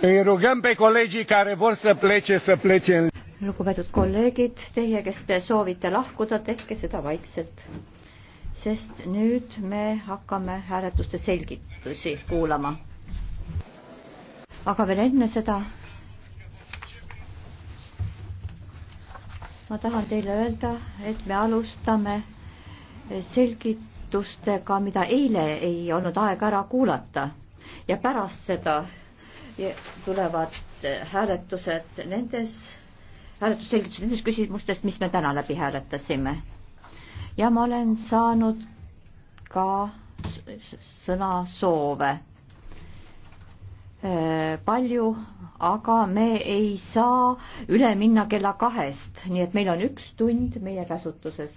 Îi rugăm pe colegii care vor să plece, să plece în... Lugupeetud kolleegid, teie, kes te soovite lahkuda, tehke seda vaikselt, sest nüüd me hakkame hääletuste selgitusi kuulama. Aga veel enne seda ma tahan teile öelda, et me alustame selgitustega, mida eile ei olnud aega ära kuulata ja pärast seda tulevad äh, hääletused nendes, hääletusselgitused nendes küsimustes, mis me täna läbi hääletasime. ja ma olen saanud ka sõnasoove äh, palju, aga me ei saa üle minna kella kahest, nii et meil on üks tund meie käsutuses.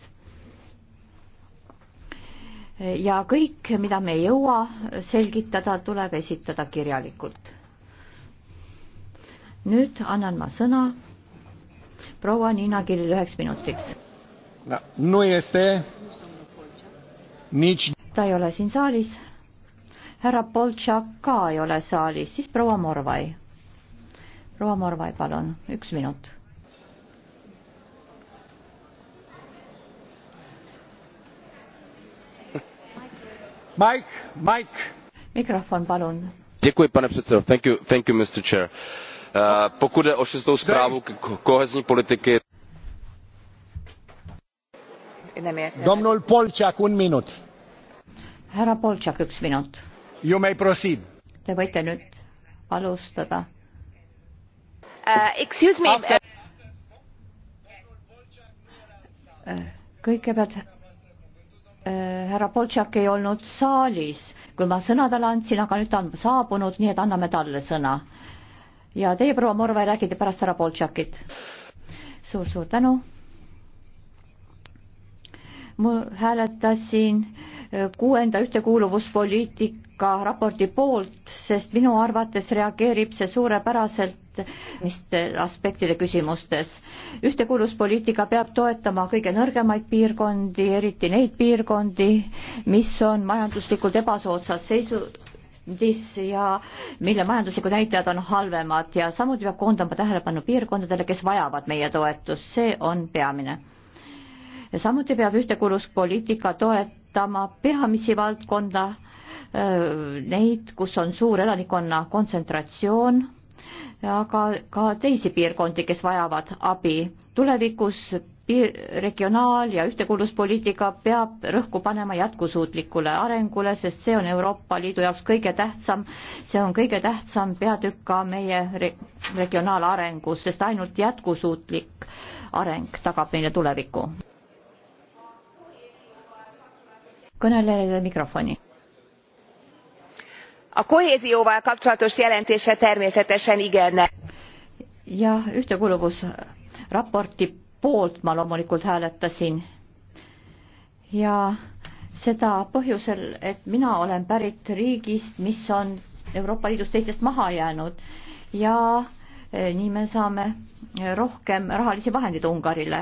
Äh, ja kõik, mida me ei jõua selgitada, tuleb esitada kirjalikult nüüd annan ma sõna proua Niina Killile üheks minutiks no,. No este... Nici... ta ei ole siin saalis. härra Boltšak ka ei ole saalis, siis proua Morvai. proua Morvai, palun, üks minut Mike, Mike. Mikrofon, pane předsedající Eh, pokud jde o šestou zprávu kohezní politiky domnul polčak un minut härra polčak üks minut you may proceed te võite nüüd alustada uh, excuse me After... Eh, kõigepealt härra Poltšak ei olnud saalis, kui ma sõna talle andsin, aga nüüd ta on saabunud, nii et anname talle sõna ja teie, proua Morve, räägite pärast härra Boltšakit suur,. suur-suur tänu. ma hääletasin kuuenda ühtekuuluvuspoliitika raporti poolt, sest minu arvates reageerib see suurepäraselt aspektide küsimustes. ühtekuuluvuspoliitika peab toetama kõige nõrgemaid piirkondi, eriti neid piirkondi, mis on majanduslikult ebasoodsas seisus tähtis ja mille majanduslikud näitajad on halvemad ja samuti peab koondama tähelepanu piirkondadele, kes vajavad meie toetust, see on peamine. samuti peab ühtekuuluvuspoliitika toetama peamisi valdkonda, neid, kus on suur elanikkonna kontsentratsioon, aga ka teisi piirkondi, kes vajavad abi. tulevikus regionaal- ja ühtekuuluvuspoliitika peab rõhku panema jätkusuutlikule arengule, sest see on Euroopa Liidu jaoks kõige tähtsam, see on kõige tähtsam peatükk ka meie re regionaalarengus, sest ainult jätkusuutlik areng tagab meile tuleviku. kõnelejale mikrofoni. a kohézióval kapcsolatos jelentése természetesen igenne. jah, ühtekuuluvus raporti poolt ma loomulikult hääletasin. ja seda põhjusel, et mina olen pärit riigist, mis on Euroopa Liidus teistest maha jäänud ja eh, nii me saame eh, rohkem rahalisi vahendeid Ungarile.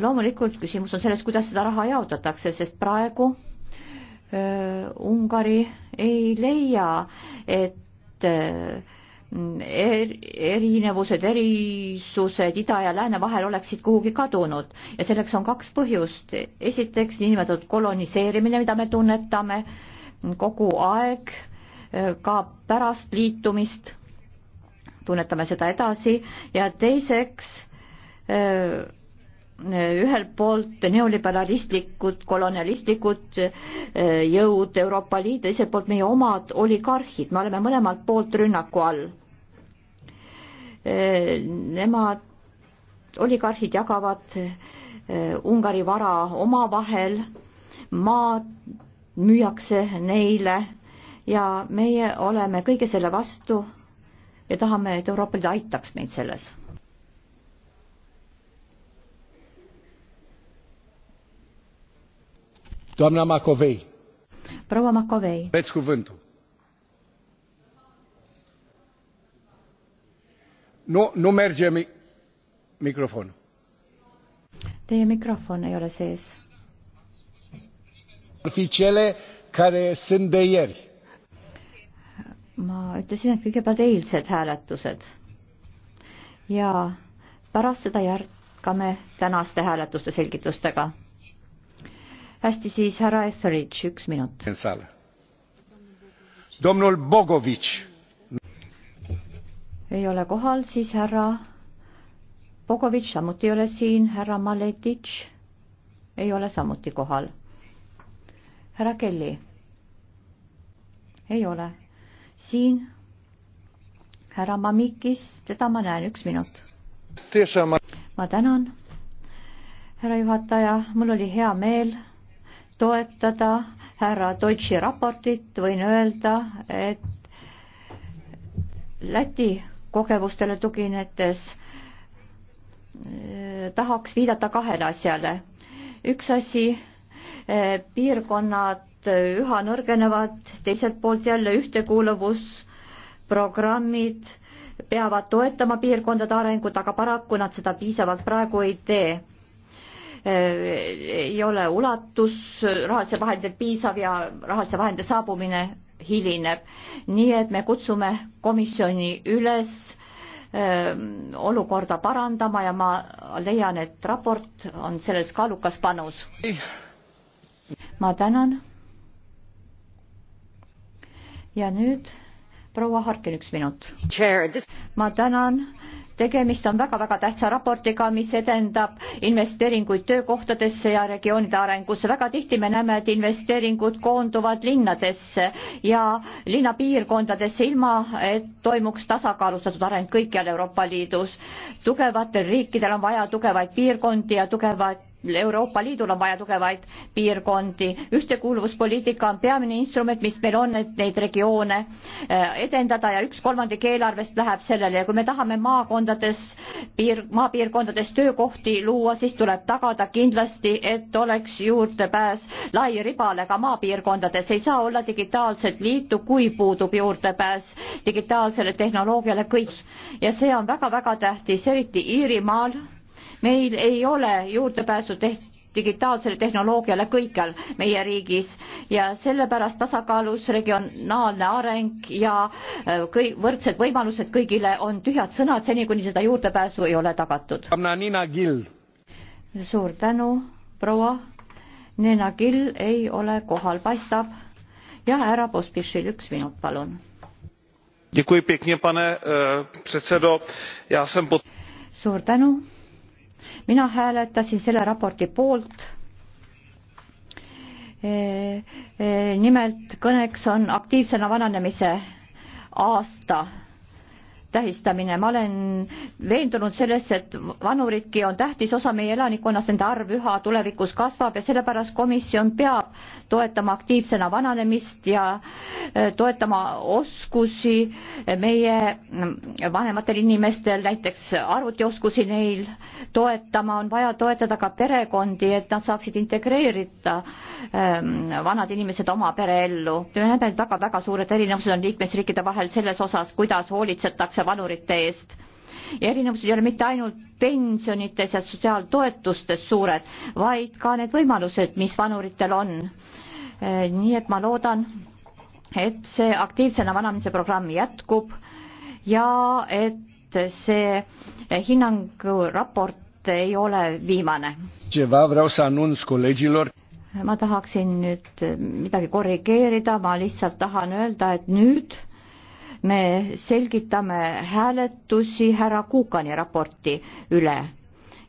loomulikult küsimus on selles, kuidas seda raha jaotatakse, sest praegu öö, eh, Ungari ei leia, et öö, er, erinevused, erisused ida ja lääne vahel oleksid kuhugi kadunud ja selleks on kaks põhjust. esiteks niinimetatud koloniseerimine, mida me tunnetame kogu aeg, eh, ka pärast liitumist tunnetame seda edasi ja teiseks öö, eh, ühelt poolt neoliberalistlikud, kolonialistlikud eh, jõud Euroopa Liidu, teiselt poolt meie omad oligarhid, me oleme mõlemalt poolt rünnaku all. Eh, nemad, oligarhid jagavad eh, Ungari vara omavahel, maad müüakse neile ja meie oleme kõige selle vastu ja tahame, et Euroopa Liit aitaks meid selles doamna Macovei. Proua Macovei. Veți cuvântul. Nu, nu merge mi mikrofonul. Teie mikrofon ei ole sees. Ar fi cele care sunt de ieri. Ma ütlesin, et kõigepealt eilsed hääletused. Ja pärast seda järg jätkame tänaste hääletuste selgitustega hästi, siis härra Etheridge, üks minut. Domnul Bogovitš. ei ole kohal, siis härra Bogovitš samuti ei ole siin, härra Maletitš ei ole samuti kohal. härra Kelly ei ole siin. härra Mamikis, teda ma näen, üks minut. ma tänan, härra juhataja, mul oli hea meel toetada härra Deutsche raportit, võin öelda, et Läti kogemustele tuginedes eh, tahaks viidata kahele asjale. üks asi, eh, piirkonnad eh, üha nõrgenevad, teiselt poolt jälle ühtekuuluvusprogrammid peavad toetama piirkondade arengut, aga paraku nad seda piisavalt praegu ei tee Äh, ei ole ulatus rahaliste vahendite piisav ja rahaliste vahendite saabumine hilineb. nii et me kutsume komisjoni üles öö, ähm, olukorda parandama ja ma leian, et raport on selles kaalukas panus. ma tänan. ja nüüd proua Harkin, üks minut. ma tänan tegemist on väga-väga tähtsa raportiga, mis edendab investeeringuid töökohtadesse ja regioonide arengusse. väga tihti me näeme, et investeeringud koonduvad linnadesse ja linnapiirkondadesse, ilma et toimuks tasakaalustatud areng kõikjal Euroopa Liidus. tugevatel riikidel on vaja tugevaid piirkondi ja tugevat Euroopa Liidul on vaja tugevaid piirkondi, ühtekuuluvuspoliitika on peamine instrument, mis meil on, et neid regioone äh, edendada ja üks kolmandik eelarvest läheb sellele ja kui me tahame maakondades, piir, maapiirkondades töökohti luua, siis tuleb tagada kindlasti, et oleks juurdepääs lairibale ka maapiirkondades, ei saa olla digitaalset liitu, kui puudub juurdepääs digitaalsele tehnoloogiale kõik ja see on väga-väga tähtis, eriti Iirimaal meil ei ole juurdepääsu tehtud digitaalsele tehnoloogiale kõikjal meie riigis ja sellepärast tasakaalus regionaalne areng ja äh, kõik võrdsed võimalused kõigile on tühjad sõnad, seni kuni seda juurdepääsu ei ole tagatud. suur tänu, proua. Nena Gill ei ole kohal, paistab. ja härra Pospišil üks minut, palun. Eh, suur tänu mina hääletasin selle raporti poolt. E, e, nimelt kõneks on aktiivsena vananemise aasta tähistamine. ma olen veendunud selles, et vanuridki on tähtis osa meie elanikkonnast, nende arv üha tulevikus kasvab ja sellepärast komisjon peab toetama aktiivsena vananemist ja äh, toetama oskusi meie mm, vanematel inimestel, näiteks arvutioskusi neil toetama, on vaja toetada ka perekondi, et nad saaksid integreerida ähm, vanad inimesed oma pereellu. me näeme, et väga-väga suured erinevused on liikmesriikide vahel selles osas, kuidas hoolitsetakse hoolitsetakse vanurite eest ja erinevused ei ole mitte ainult pensionites ja sotsiaaltoetustes suured, vaid ka need võimalused, mis vanuritel on. Äh, nii et ma loodan, et see aktiivsena vananemise programm jätkub ja et see hinnanguraport ei ole viimane. ma tahaksin nüüd midagi korrigeerida, ma lihtsalt tahan öelda, et nüüd me selgitame hääletusi härra Kuukani raporti üle,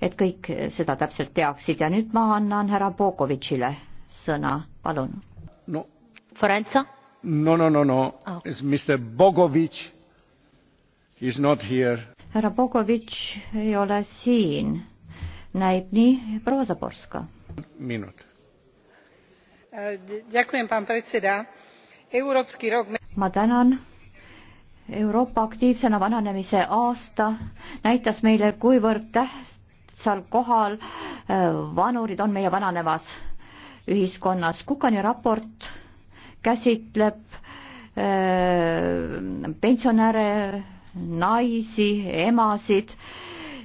et kõik seda täpselt teaksid ja nüüd ma annan härra Pokovitšile sõna, palun. no Forenza? no no no no oh., ah, Mr Bogovitš is not here. härra Bogovitš ei ole siin, näib nii, proua Zaborska. minut ma tänan Euroopa aktiivsena vananemise aasta näitas meile, kuivõrd tähtsal kohal äh, vanurid on meie vananevas ühiskonnas. Kukani raport käsitleb äh, pensionäre, naisi, emasid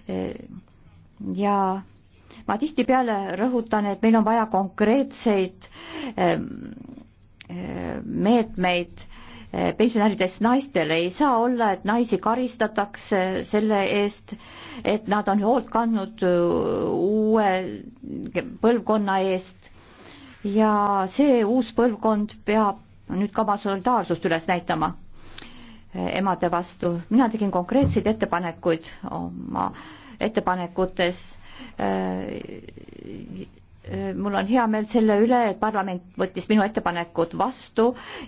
äh, ja ma tihtipeale rõhutan, et meil on vaja konkreetseid meetmeid pensionäridest naistele ei saa olla, et naisi karistatakse selle eest, et nad on hoolt kandnud uh, uue põlvkonna eest ja see uus põlvkond peab nüüd ka oma solidaarsust üles näitama eh, emade vastu. mina tegin konkreetseid ettepanekuid oma ettepanekutes eh, Äh, mul on hea meel selle üle, et parlament võttis minu ettepanekud vastu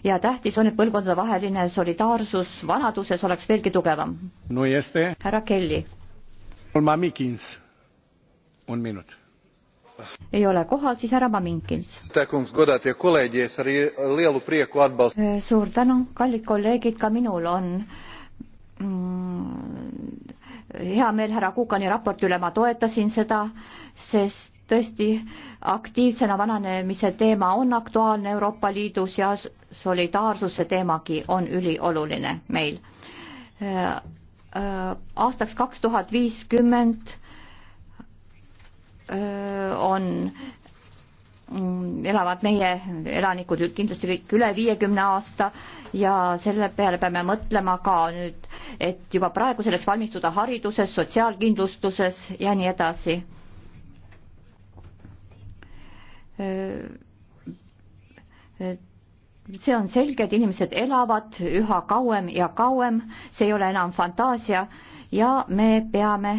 ja tähtis on, et põlvkondadevaheline solidaarsus vanaduses oleks veelgi tugevam no. härra Kelly. ei ole kohal, siis härra Maminkins. Äh, suur tänu, kallid kolleegid, ka minul on mm, hea meel härra Kukani raporti üle, ma toetasin seda, sest tõesti aktiivsena vananemise teema on aktuaalne Euroopa Liidus ja solidaarsuse teemagi on ülioluline meil. aastaks kaks tuhat viiskümmend on mm, elavad meie elanikud kindlasti kõik üle viiekümne aasta ja selle peale peame mõtlema ka nüüd, et juba praegu selleks valmistuda hariduses, sotsiaalkindlustuses ja nii edasi see on selge, et inimesed elavad üha kauem ja kauem, see ei ole enam fantaasia ja me peame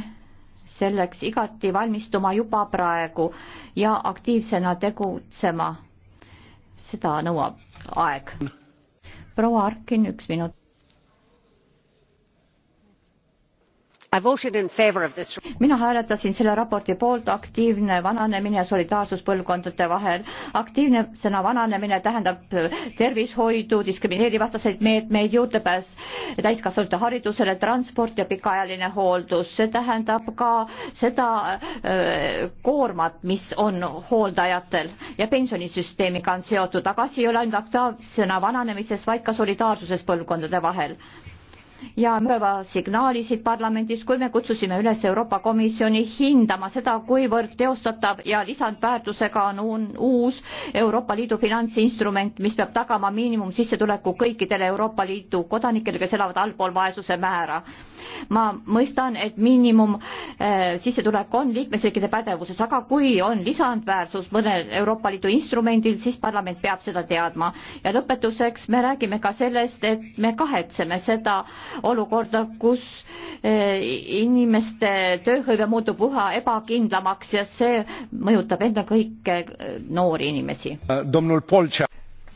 selleks igati valmistuma juba praegu ja aktiivsena tegutsema. seda nõuab aeg. proua Arkin, üks minut. mina hääletasin selle raporti poolt aktiivne vananemine ja solidaarsus põlvkondade vahel. aktiivsena vananemine tähendab tervishoidu, diskrimineerivastaseid meetmeid, juurdepääs täiskasvanute haridusele, transport ja pikaajaline hooldus. see tähendab ka seda öö, äh, koormat, mis on hooldajatel ja pensionisüsteemiga on seotud, aga asi ei ole ainult aktiivsena vananemises, vaid ka solidaarsuses põlvkondade vahel ja tugeva signaali siit parlamendist, kui me kutsusime üles Euroopa Komisjoni hindama seda, kuivõrd teostatav ja lisandväärtusega on uus Euroopa Liidu finantsinstrument, mis peab tagama miinimumsissetuleku kõikidele Euroopa Liidu kodanikele, kes elavad allpool vaesuse määra. ma mõistan, et miinimumsissetulek äh, on liikmesriikide pädevuses, aga kui on lisandväärsus mõnel Euroopa Liidu instrumendil, siis parlament peab seda teadma. ja lõpetuseks me räägime ka sellest, et me kahetseme seda, olukorda, kus eh, inimeste tööhõive muutub üha ebakindlamaks ja see mõjutab ennekõike eh, noori inimesi.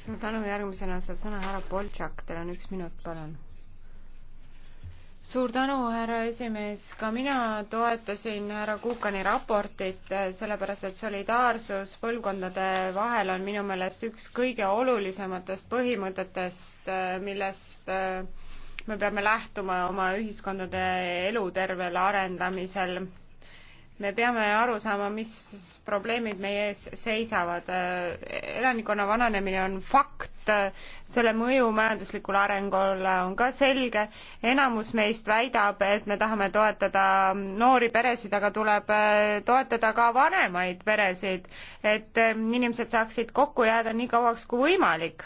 suur tänu, järgmisena saab sõna härra Boltšak, teil on üks minut, palun suur tänu, härra esimees, ka mina toetasin härra Kukani raportit, eh, sellepärast et solidaarsus põlvkondade vahel on minu meelest üks kõige olulisematest põhimõtetest, millest äh, me peame lähtuma oma ühiskondade elutervel arendamisel. me peame aru saama, mis probleemid meie ees seisavad. elanikkonna vananemine on fakt, selle mõju majanduslikule arengule on ka selge. enamus meist väidab, et me tahame toetada noori peresid, aga tuleb äh, toetada ka vanemaid peresid, et äh, inimesed saaksid kokku jääda nii kauaks kui võimalik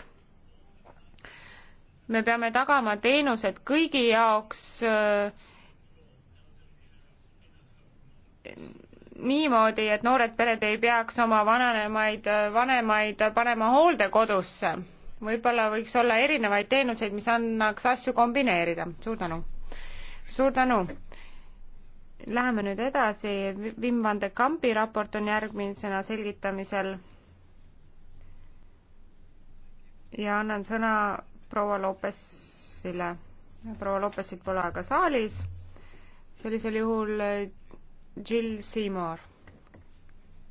me peame tagama teenused kõigi jaoks äh, niimoodi, et noored pered ei peaks oma vanemaid, vanemaid panema hooldekodusse. võib-olla võiks olla erinevaid teenuseid, mis annaks asju kombineerida. suur tänu. suur tänu. Läheme nüüd edasi. Wim van de Kampi raport on järgmisena selgitamisel. ja annan sõna proua Lopesile. proua Lopesit pole aga saalis. sellisel juhul eh, Jill Seymour,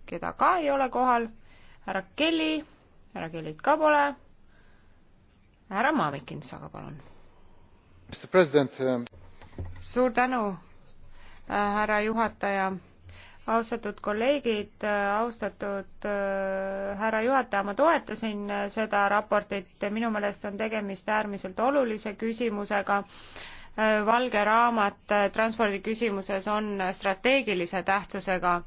keda ka ei ole kohal, härra Kelly, härra Kellyt ka pole, härra Mamikins aga palun. Eh, suur tänu, eh, härra juhataja austatud kolleegid, austatud äh, härra juhataja, ma toetasin äh, seda raportit, minu meelest on tegemist äärmiselt olulise küsimusega. Äh, valge raamat transpordi küsimuses on strateegilise tähtsusega.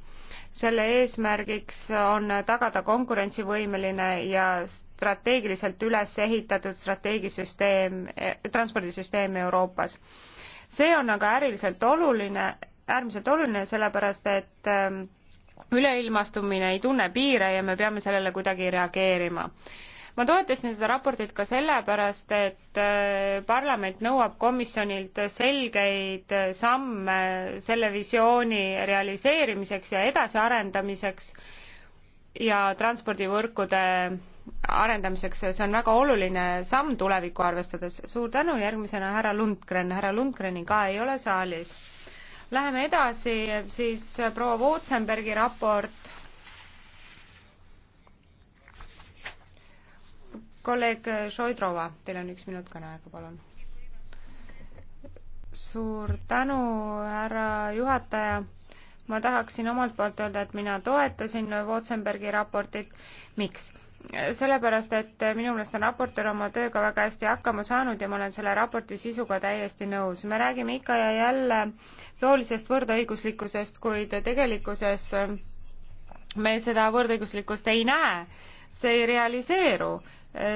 selle eesmärgiks on tagada konkurentsivõimeline ja strateegiliselt üles ehitatud strateegisüsteem, eh, transpordisüsteem Euroopas see on aga äriliselt oluline, äärmiselt oluline, sellepärast et ähm, üleilmastumine ei tunne piire ja me peame sellele kuidagi reageerima. ma toetasin seda raportit ka sellepärast, et äh, parlament nõuab komisjonilt selgeid äh, samme selle visiooni realiseerimiseks ja edasiarendamiseks ja transpordivõrkude arendamiseks, see on väga oluline samm tulevikku arvestades. suur tänu, järgmisena härra Lundgren, härra Lundgreni ka ei ole saalis Läheme edasi, siis proua Wotsenbergi raport. kolleeg Šoidrova, teil on üks minut kõneaega, palun. suur tänu, härra juhataja ma tahaksin omalt poolt öelda, et mina toetasin Wotsenbergi raportit. miks? sellepärast, et minu meelest on raportöör oma tööga väga hästi hakkama saanud ja ma olen selle raporti sisuga täiesti nõus. me räägime ikka ja jälle soolisest võrdõiguslikkusest, kuid tegelikkuses me seda võrdõiguslikkust ei näe, see ei realiseeru.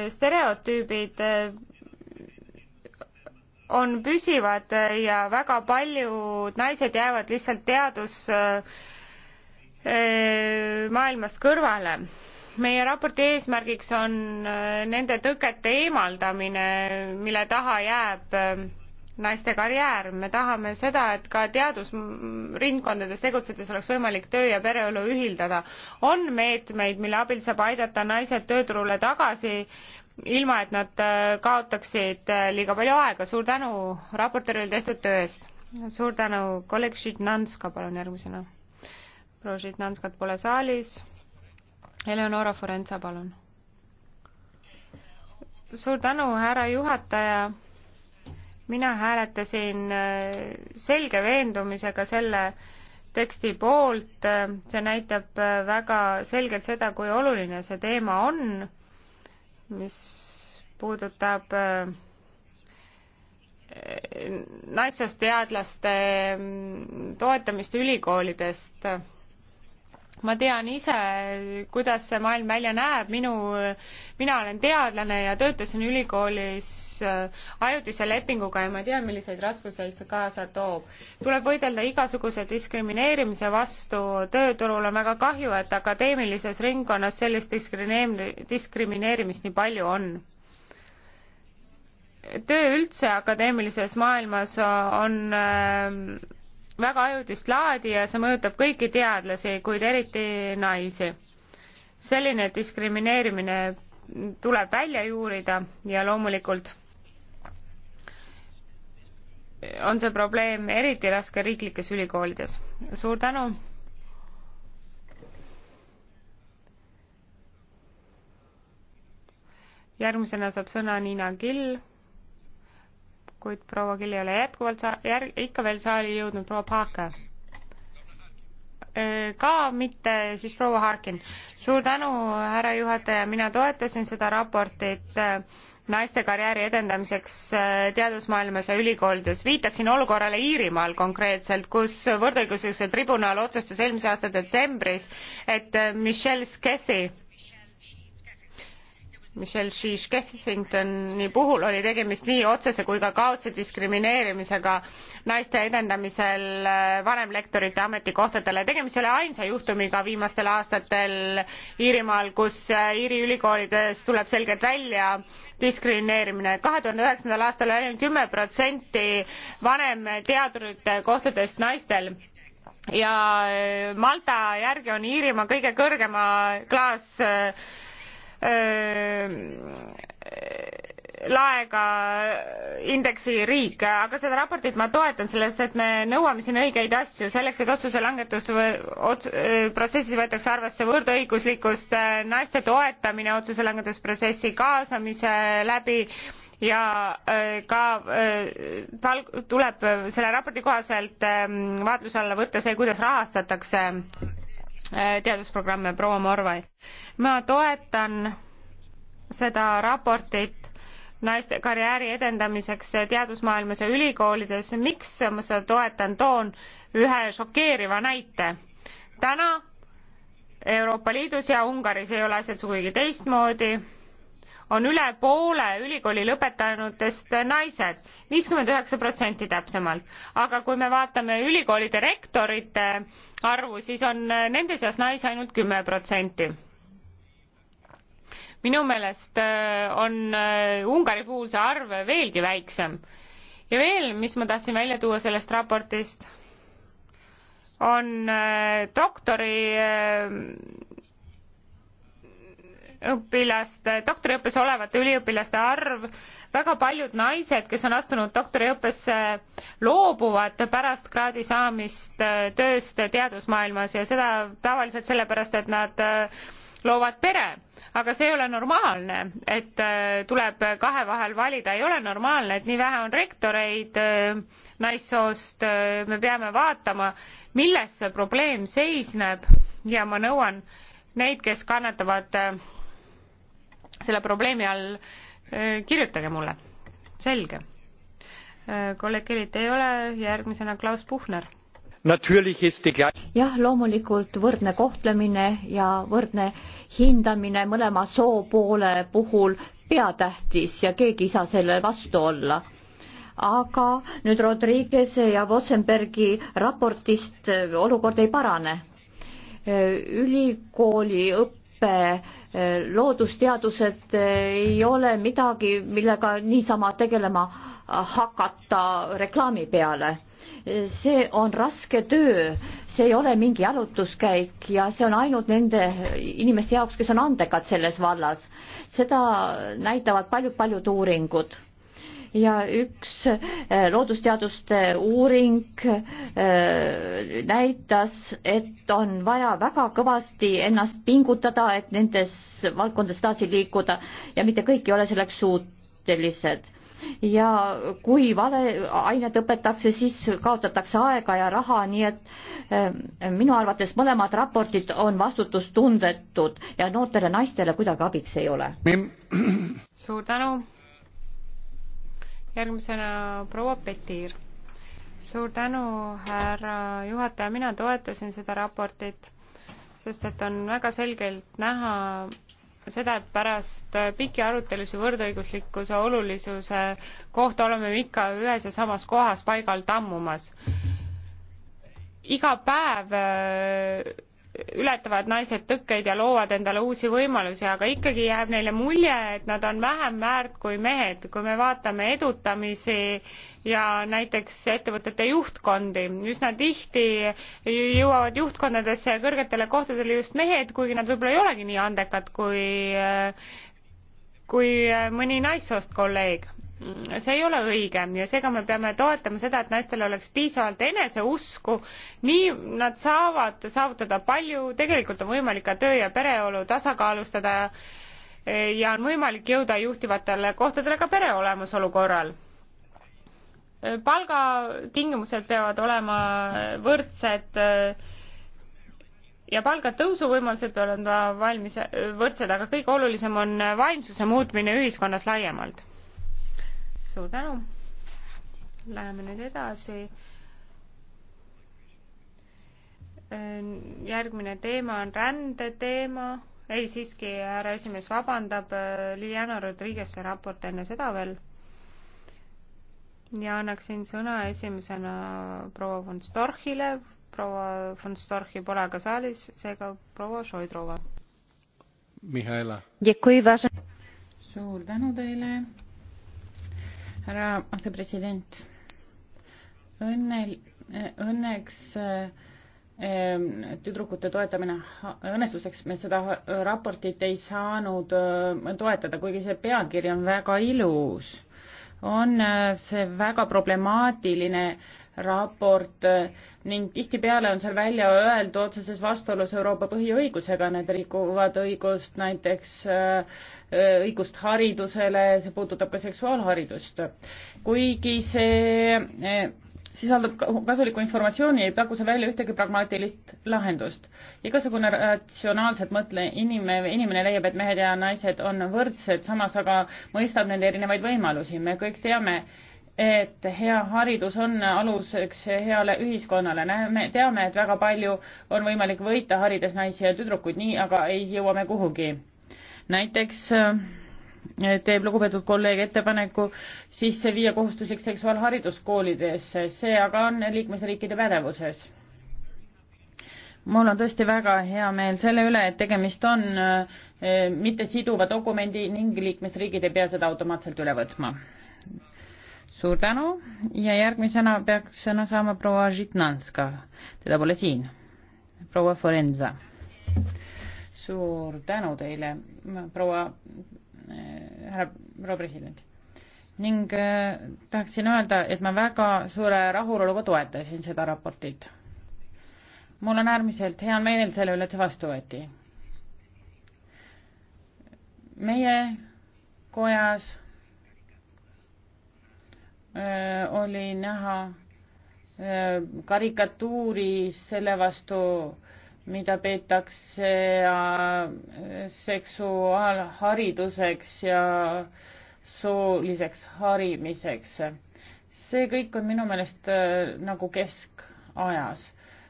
stereotüübid on püsivad ja väga paljud naised jäävad lihtsalt teadus eh, maailmast kõrvale meie raporti eesmärgiks on äh, nende tõkete eemaldamine, mille taha jääb äh, naiste karjäär, me tahame seda, et ka teadusringkondades tegutsedes oleks võimalik töö ja pereelu ühildada. on meetmeid, mille abil saab aidata naised tööturule tagasi, ilma et nad äh, kaotaksid liiga palju aega. suur tänu raportööril tehtud töö eest. suur tänu, kolleeg Žitnanska, palun järgmisena. proua Žitnanskat pole saalis Eleonora Forenza, palun. suur tänu, härra juhataja. mina hääletasin äh, selge veendumisega selle teksti poolt, see näitab äh, väga selgelt seda, kui oluline see teema on, mis puudutab äh, naissoost teadlaste mm, toetamist ülikoolidest ma tean ise, kuidas see maailm välja näeb, minu, mina olen teadlane ja töötasin ülikoolis äh, ajutise lepinguga ja ma tean, milliseid raskuseid see kaasa toob. tuleb võidelda igasuguse diskrimineerimise vastu tööturul, on väga kahju, et akadeemilises ringkonnas sellist diskrimineeri-, diskrimineerimist nii palju on töö üldse akadeemilises maailmas on äh, väga ajutist laadi ja see mõjutab kõiki teadlasi, kuid eriti naisi. selline diskrimineerimine tuleb välja juurida ja loomulikult on see probleem eriti raske riiklikes ülikoolides. suur tänu! järgmisena saab sõna Niina Kill kuid proua Kili ei ole jätkuvalt sa-, järg-, ikka veel saali jõudnud, proua Paaka. Äh, ka mitte siis proua Harkin. suur tänu, härra juhataja, mina toetasin seda raportit äh, naiste karjääri edendamiseks äh, teadusmaailmas ja ülikoolides. viitaksin olukorrale Iirimaal konkreetselt, kus võrdõiguslikkuse tribunal otsustas eelmise aasta detsembris, et Michelle Scathy Michelle Sheesh Kensingtoni puhul oli tegemist nii otsese kui ka kaudse diskrimineerimisega naiste edendamisel äh, vanemlektorite ametikohtadele. tegemist ei ole ainsa juhtumiga viimastel aastatel Iirimaal, kus äh, Iiri ülikoolides tuleb selgelt välja diskrimineerimine. kahe tuhande üheksandal aastal oli ainult kümme protsenti vanemteadurite kohtadest naistel ja äh, Malta järgi on Iirimaa kõige kõrgema klaas laega indeksiriik, aga seda raportit ma toetan selles, et me nõuame siin õigeid asju selleks, et otsuse langetus ots, protsessis võetakse arvesse võrdõiguslikkust, naiste toetamine otsuse langetusprotsessi kaasamise läbi ja ka palk tuleb selle raporti kohaselt vaatluse alla võtta see, kuidas rahastatakse Äh, teadusprogramme, proua Morvai. ma toetan seda raportit naiste karjääri edendamiseks teadusmaailmas ja ülikoolides. miks ma seda toetan, toon ühe šokeeriva näite. täna Euroopa Liidus ja Ungaris ei ole asjad sugugi teistmoodi on üle poole ülikooli lõpetanutest naised, viiskümmend üheksa protsenti täpsemalt. aga kui me vaatame ülikoolide rektorite arvu, siis on nende seas naisi ainult kümme protsenti minu meelest äh, on äh, Ungari puhul see arv veelgi väiksem. ja veel, mis ma tahtsin välja tuua sellest raportist, on äh, doktori üliõpilast, doktoriõppes olevate üliõpilaste arv, väga paljud naised, kes on astunud doktoriõppesse, loobuvad pärast kraadi saamist äh, tööst teadusmaailmas ja seda tavaliselt sellepärast, et nad äh, loovad pere, aga see ei ole normaalne, et äh, tuleb kahe vahel valida, ei ole normaalne, et nii vähe on rektoreid naissoost, me peame vaatama, milles see probleem seisneb ja ma nõuan neid, kes kannatavad selle probleemi all, kirjutage mulle. selge. kolleeg Kelit ei ole, järgmisena Klaus Puhner. jah, loomulikult võrdne kohtlemine ja võrdne hindamine mõlema soopoole puhul peatähtis ja keegi ei saa sellele vastu olla aga nüüd Rodriguez'e ja Vossenbergi raportist olukord ei parane. ülikooli õppe loodusteadused eh, ei ole midagi, millega niisama tegelema hakata reklaami peale. see on raske töö, see ei ole mingi jalutuskäik ja see on ainult nende inimeste jaoks, kes on andekad selles vallas. seda näitavad paljud-paljud uuringud ja üks eh, loodusteaduste uuring eh, näitas, et on vaja väga kõvasti ennast pingutada, et nendes valdkondades edasi liikuda ja mitte kõik ei ole selleks suutelised ja kui valeainet õpetatakse, siis kaotatakse aega ja raha, nii et eh, minu arvates mõlemad raportid on vastutustundetud ja noortele naistele kuidagi abiks ei ole. suur tänu järgmisena proua Petir. suur tänu, härra juhataja, mina toetasin seda raportit, sest et on väga selgelt näha seda, et pärast pikki arutelusid võrdõiguslikkuse olulisuse kohta oleme ikka ühes ja samas kohas paigal tammumas. iga päev ületavad naised tõkkeid ja loovad endale uusi võimalusi, aga ikkagi jääb neile mulje, et nad on vähem väärt kui mehed, kui me vaatame edutamisi ja näiteks ettevõtete juhtkondi, üsna tihti jõuavad juhtkondadesse ja kõrgetele kohtadele just mehed, kuigi nad võib-olla ei olegi nii andekad kui, kui mõni naissoost kolleeg see ei ole õige ja seega me peame toetama seda, et naistel oleks piisavalt eneseusku, nii nad saavad saavutada palju, tegelikult on võimalik ka töö ja pereolu tasakaalustada ja on võimalik jõuda juhtivatele kohtadele ka pere olemasolu korral. palgatingimused peavad olema võrdsed ja palgatõusu võimalused peavad olema valmis, võrdsed, aga kõige olulisem on vaimsuse muutmine ühiskonnas laiemalt suur tänu. Läheme nüüd edasi. Äh, järgmine teema on rändeteema. ei, siiski härra esimees vabandab äh, Liliana Rodriguez'e raport enne seda veel. ja annaksin sõna esimesena proua von Storchile. proua von Storchi pole ka saalis, seega proua Šoidrova. Mihhaila. suur tänu teile härra asepresident, õnne, õnneks eh, eh, tüdrukute toetamine, õnnetuseks me seda raportit ei saanud eh, toetada, kuigi see pealkiri on väga ilus. on see väga problemaatiline äh, raport eh, ning tihtipeale on seal välja öeldud otseses vastuolus Euroopa põhiõigusega, need rikuvad õigust näiteks, eh, eh, õigust haridusele, see puudutab ka seksuaalharidust. kuigi see sisaldab kasulikku informatsiooni, ei paku see välja ühtegi pragmaatilist lahendust. igasugune ratsionaalselt mõtle-, inimene, inimene leiab, et mehed ja naised on võrdsed, samas aga mõistab nende erinevaid võimalusi, me kõik teame, et hea haridus on aluseks heale ühiskonnale. näeme, teame, et väga palju on võimalik võita, harides naisi ja tüdrukuid, nii aga ei jõua me kuhugi. näiteks äh, teeb lugupeetud kolleeg ettepaneku sisse viia kohustuslik seksuaalharidus koolidesse, see aga on liikmesriikide pädevuses. mul on tõesti väga hea meel selle üle, et tegemist on äh, mittesiduva dokumendi ning liikmesriigid ei pea seda automaatselt üle võtma suur tänu ja järgmisena peaks sõna saama proua Žitnanska, teda pole siin, proua Forenza. suur tänu teile, proua äh,, härra, proua president. ning äh, tahaksin öelda, et ma väga suure rahuloluga toetasin seda raportit. mul on äärmiselt hea meel selle üle, et see vastu võeti. meie kojas Äh, oli näha äh, karikatuuri selle vastu, mida peetakse äh, seksuaalhariduseks ja sooliseks harimiseks. see kõik on minu meelest nagu keskajas.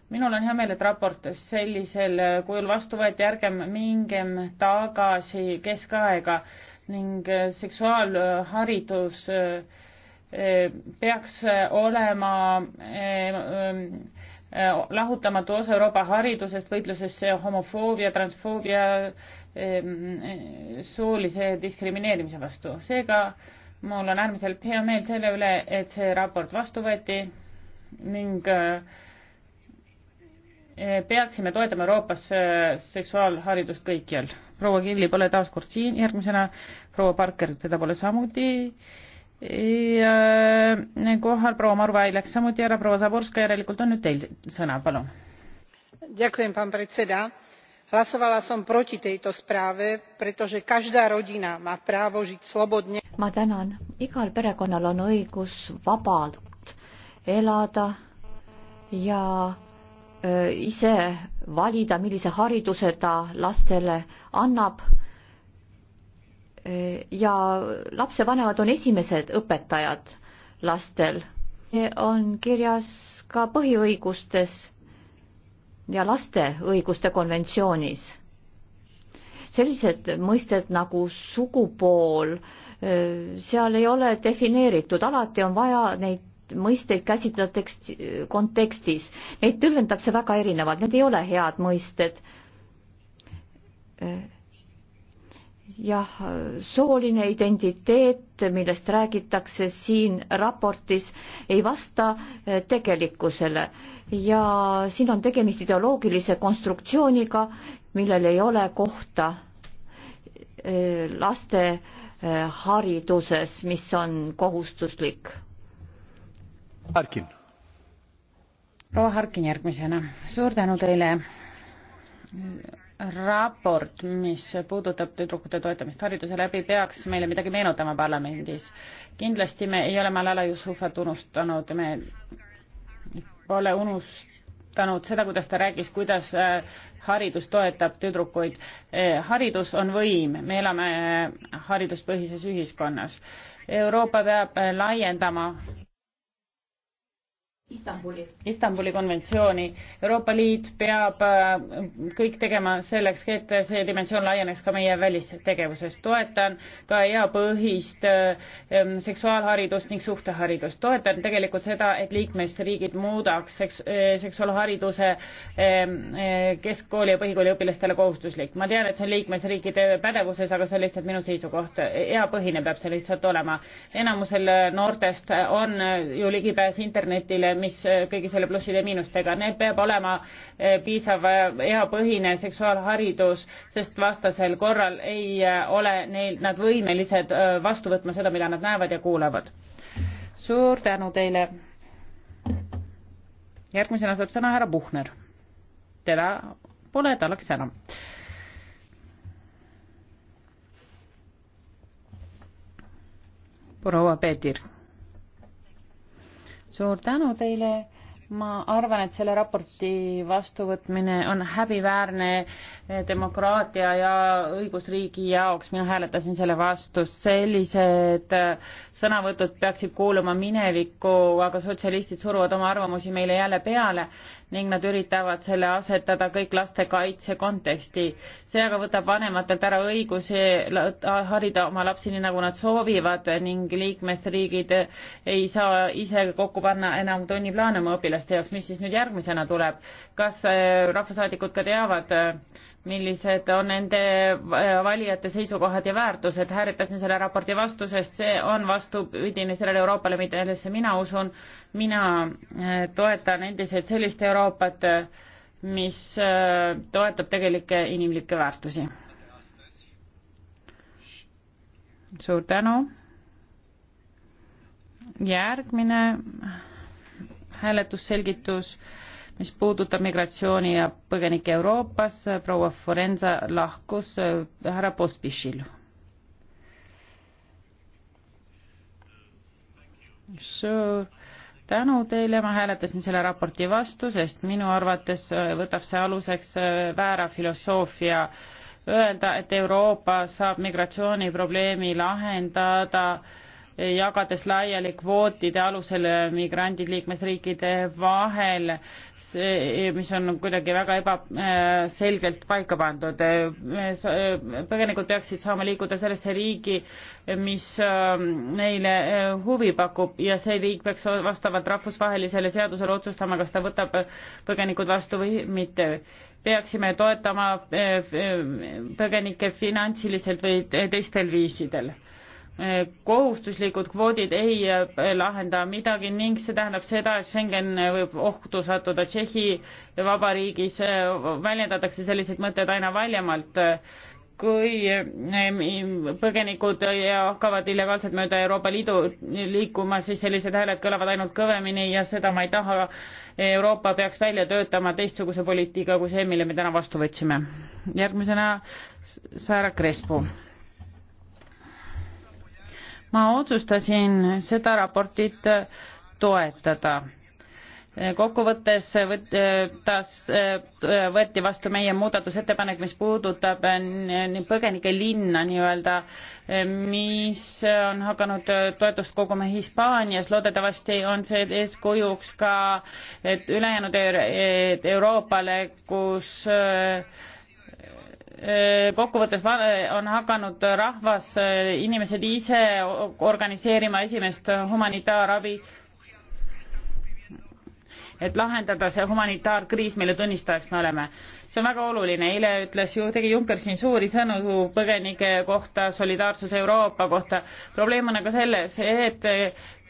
minul on hea meel, et raport sellisel kujul vastu võeti, ärgem mingem tagasi keskaega ning seksuaalharidus äh, peaks äh, olema äh, ähm, äh, lahutamatu osa Euroopa haridusest, võitluses homofoobia, transfoobia, ähm, soolise diskrimineerimise vastu. seega mul on äärmiselt hea meel selle üle, et see raport vastu võeti ning peaksime toetama Euroopas seksuaalharidust kõikjal. proua Killi pole taas kord siin, järgmisena proua Parker, teda pole samuti ja äh, kohal proua Marvai läks samuti ära, proua Zaborska, järelikult on nüüd teil sõna, palun. hlasovala som proti tejto správe pretože každá rodina má právo žiť slobodne. ma tänan igal perekonnal on õigus vabalt elada ja öö, äh, ise valida millise hariduse ta lastele annab ja lapsevanemad on esimesed õpetajad lastel. on kirjas ka põhiõigustes ja laste õiguste konventsioonis. sellised mõisted nagu sugupool, eh, seal ei ole defineeritud, alati on vaja neid mõisteid käsitleda teksti, kontekstis. Neid tõlgendatakse väga erinevalt, need ei ole head mõisted eh, jah, sooline identiteet, millest räägitakse siin raportis, ei vasta eh, tegelikkusele ja siin on tegemist ideoloogilise konstruktsiooniga, millel ei ole kohta eh, laste eh, hariduses, mis on kohustuslik. Harkin. proua Harkin järgmisena, suur tänu teile raport, mis puudutab tüdrukute toetamist hariduse läbi, peaks meile midagi meenutama parlamendis. kindlasti me ei ole Malala Yusufat unustanud, me pole unustanud seda, kuidas ta rääkis, kuidas äh, haridus toetab tüdrukuid. Äh, haridus on võim, me elame hariduspõhises ühiskonnas. Euroopa peab laiendama Istanbuli. Istanbuli konventsiooni. Euroopa Liit peab äh, kõik tegema selleks, et see dimensioon laieneks ka meie välistegevuses. toetan ka eapõhist äh, ähm, seksuaalharidust ning suhteharidust. toetan tegelikult seda, et liikmesriigid muudaks seks-, äh, seksuaalhariduse ähm, keskkooli ja põhikooli õpilastele kohustuslik. ma tean, et see on liikmesriikide pädevuses, aga see on lihtsalt minu seisukoht. eapõhine peab see lihtsalt olema. enamusel noortest on ju ligipääs internetile mis äh, kõigi selle plusside ja miinustega, neil peab olema äh, piisav äh, eapõhine seksuaalharidus, sest vastasel korral ei ole neil, nad võimelised vastu võtma seda, mida nad näevad ja kuulevad. suur tänu teile. järgmisena saab sõna härra Puhner. teda pole, ta läks ära proua Peeter suur tänu teile ma arvan, et selle raporti vastuvõtmine on häbiväärne demokraatia ja õigusriigi jaoks, mina hääletasin selle vastu, sellised sõnavõtud peaksid kuuluma minevikku, aga sotsialistid suruvad oma arvamusi meile jälle peale ning nad üritavad selle asetada kõik lastekaitse konteksti. see aga võtab vanematelt ära õiguse harida oma lapsi nii, nagu nad soovivad ning liikmesriigid ei saa ise kokku panna enam tunniplaane oma õpilastele inimeste jaoks, mis siis nüüd järgmisena tuleb, kas äh, rahvasaadikud ka teavad, äh, millised on nende äh, valijate seisukohad ja väärtused, hääletasin selle raporti vastu, sest see on vastupidine sellele Euroopale, millesse mina usun, mina toetan endiselt sellist Euroopat, mis toetab tegelikke inimlikke väärtusi. suur tänu järgmine hääletusselgitus, mis puudutab migratsiooni ja põgenikke Euroopas. proua Forenza lahkus härra Postbišil. suur tänu teile, ma hääletasin selle raporti vastu, sest minu arvates võtab see aluseks väära filosoofia öelda, et Euroopa saab migratsiooniprobleemi lahendada äh, jagades laiali kvootide alusel migrandid liikmesriikide vahel, mis on kuidagi väga ebaselgelt paika pandud. põgenikud peaksid saama liikuda sellesse riigi, mis ähm, neile äh, huvi pakub ja see riik peaks vastavalt rahvusvahelisele seadusele otsustama, kas ta võtab põgenikud vastu või mitte peaksime toetama äh, äh, põgenikke finantsiliselt või teistel viisidel kohustuslikud kvoodid ei äh, lahenda midagi ning see tähendab seda, et Schengen äh, võib ohtu sattuda. Tšehhi Vabariigis äh, väljendatakse selliseid mõtteid aina valjemalt. kui põgenikud hakkavad illegaalselt mööda Euroopa Liidu liikuma, siis sellised hääled kõlavad ainult kõvemini ja seda ma ei taha. Euroopa peaks välja töötama teistsuguse poliitika kui see, mille me täna vastu võtsime. järgmisena Saara Crespo ma otsustasin seda raportit toetada. kokkuvõttes võtas, võeti vastu meie muudatusettepanek, mis puudutab põgenike linna nii-öelda, mis on hakanud toetust koguma Hispaanias, loodetavasti on see eeskujuks ka ülejäänud Euroopale, kus Äh, kokkuvõttes äh, on hakanud rahvas, äh, inimesed ise organiseerima esimest humanitaarabi, et lahendada see humanitaarkriis, mille tunnistajaks me oleme. see on väga oluline, eile ütles ju, tegi Juncker siin suuri sõnu põgenike kohta, solidaarsuse Euroopa kohta. probleem on aga selles, et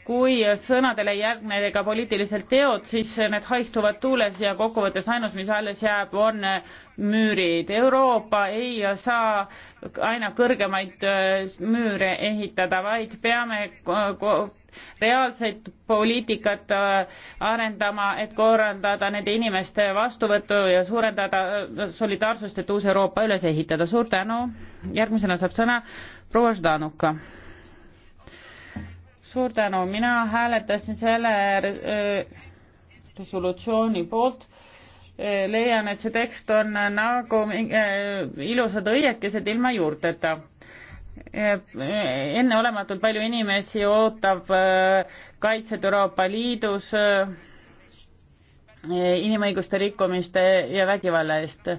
kui sõnadele ei järgne ka poliitiliselt teod, siis need haihtuvad tuules ja kokkuvõttes ainus, mis alles jääb, on müürid. Euroopa ei saa aina kõrgemaid äh, müüre ehitada, vaid peame reaalset poliitikat äh, arendama, et korraldada nende inimeste vastuvõttu ja suurendada äh, solidaarsust, et uus Euroopa üles ehitada. suur tänu, järgmisena saab sõna proua Ždanuka suur tänu, mina hääletasin selle äh, resolutsiooni poolt. Äh, leian, et see tekst on nagu äh, ilusad õiekesed ilma juurteta enneolematult palju inimesi ootab kaitset Euroopa Liidus inimõiguste rikkumiste ja vägivalla eest.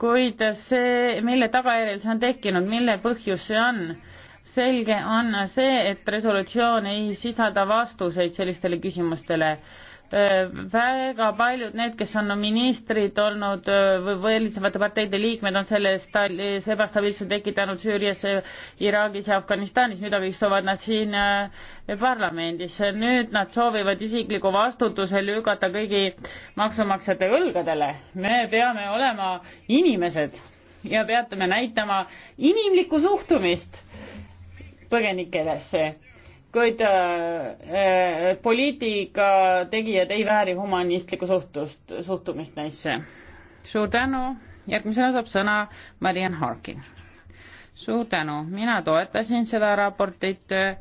kuid see, mille tagajärjel see on tekkinud, mille põhjus see on? selge on see, et resolutsioon ei sisalda vastuseid sellistele küsimustele. väga paljud need, kes on ministrid olnud või valitsemate parteide liikmed, on sellest ebastabiilsuse tekitanud Süürias, Iraagis ja Afganistanis, nüüd aga istuvad nad siin parlamendis. nüüd nad soovivad isikliku vastutuse lükata kõigi maksumaksjate õlgadele. me peame olema inimesed ja peatame näitama inimlikku suhtumist põgenikele see, kuid äh, äh poliitika tegijad ei vääri humanistlikku suhtust, suhtumist neisse. suur tänu, järgmisena saab sõna Mariann Harkin. suur tänu, mina toetasin seda raportit äh,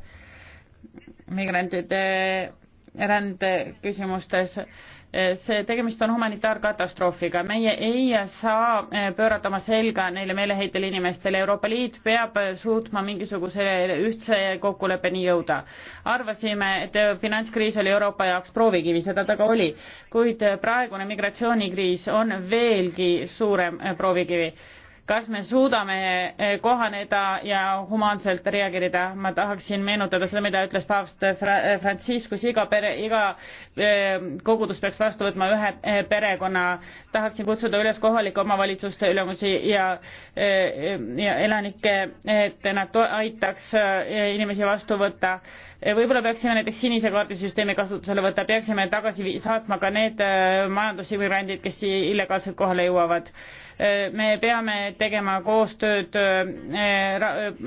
migrantide rändeküsimustes äh, Eh, see tegemist on humanitaarkatastroofiga, meie ei saa eh, pöörata oma selga neile meeleheitel inimestele, Euroopa Liit peab suutma mingisuguse ühtse kokkuleppeni jõuda. arvasime, et eh, finantskriis oli Euroopa jaoks proovikivi, seda ta ka oli, kuid praegune migratsioonikriis on veelgi suurem proovikivi kas me suudame eh, kohaneda ja humaanselt reageerida. ma tahaksin meenutada seda, mida ütles paavst Franciscus, iga pere, iga eh, kogudus peaks vastu võtma ühe eh, perekonna. tahaksin kutsuda üles kohalike omavalitsuste ülemusi ja, ja elanikke, et nad aitaks inimesi vastu võtta. võib-olla peaksime näiteks sinise kaardi süsteemi kasutusele võtta, peaksime tagasi saatma ka need majandusimmigrandid, kes illegaalselt kohale jõuavad me peame tegema koostööd eh,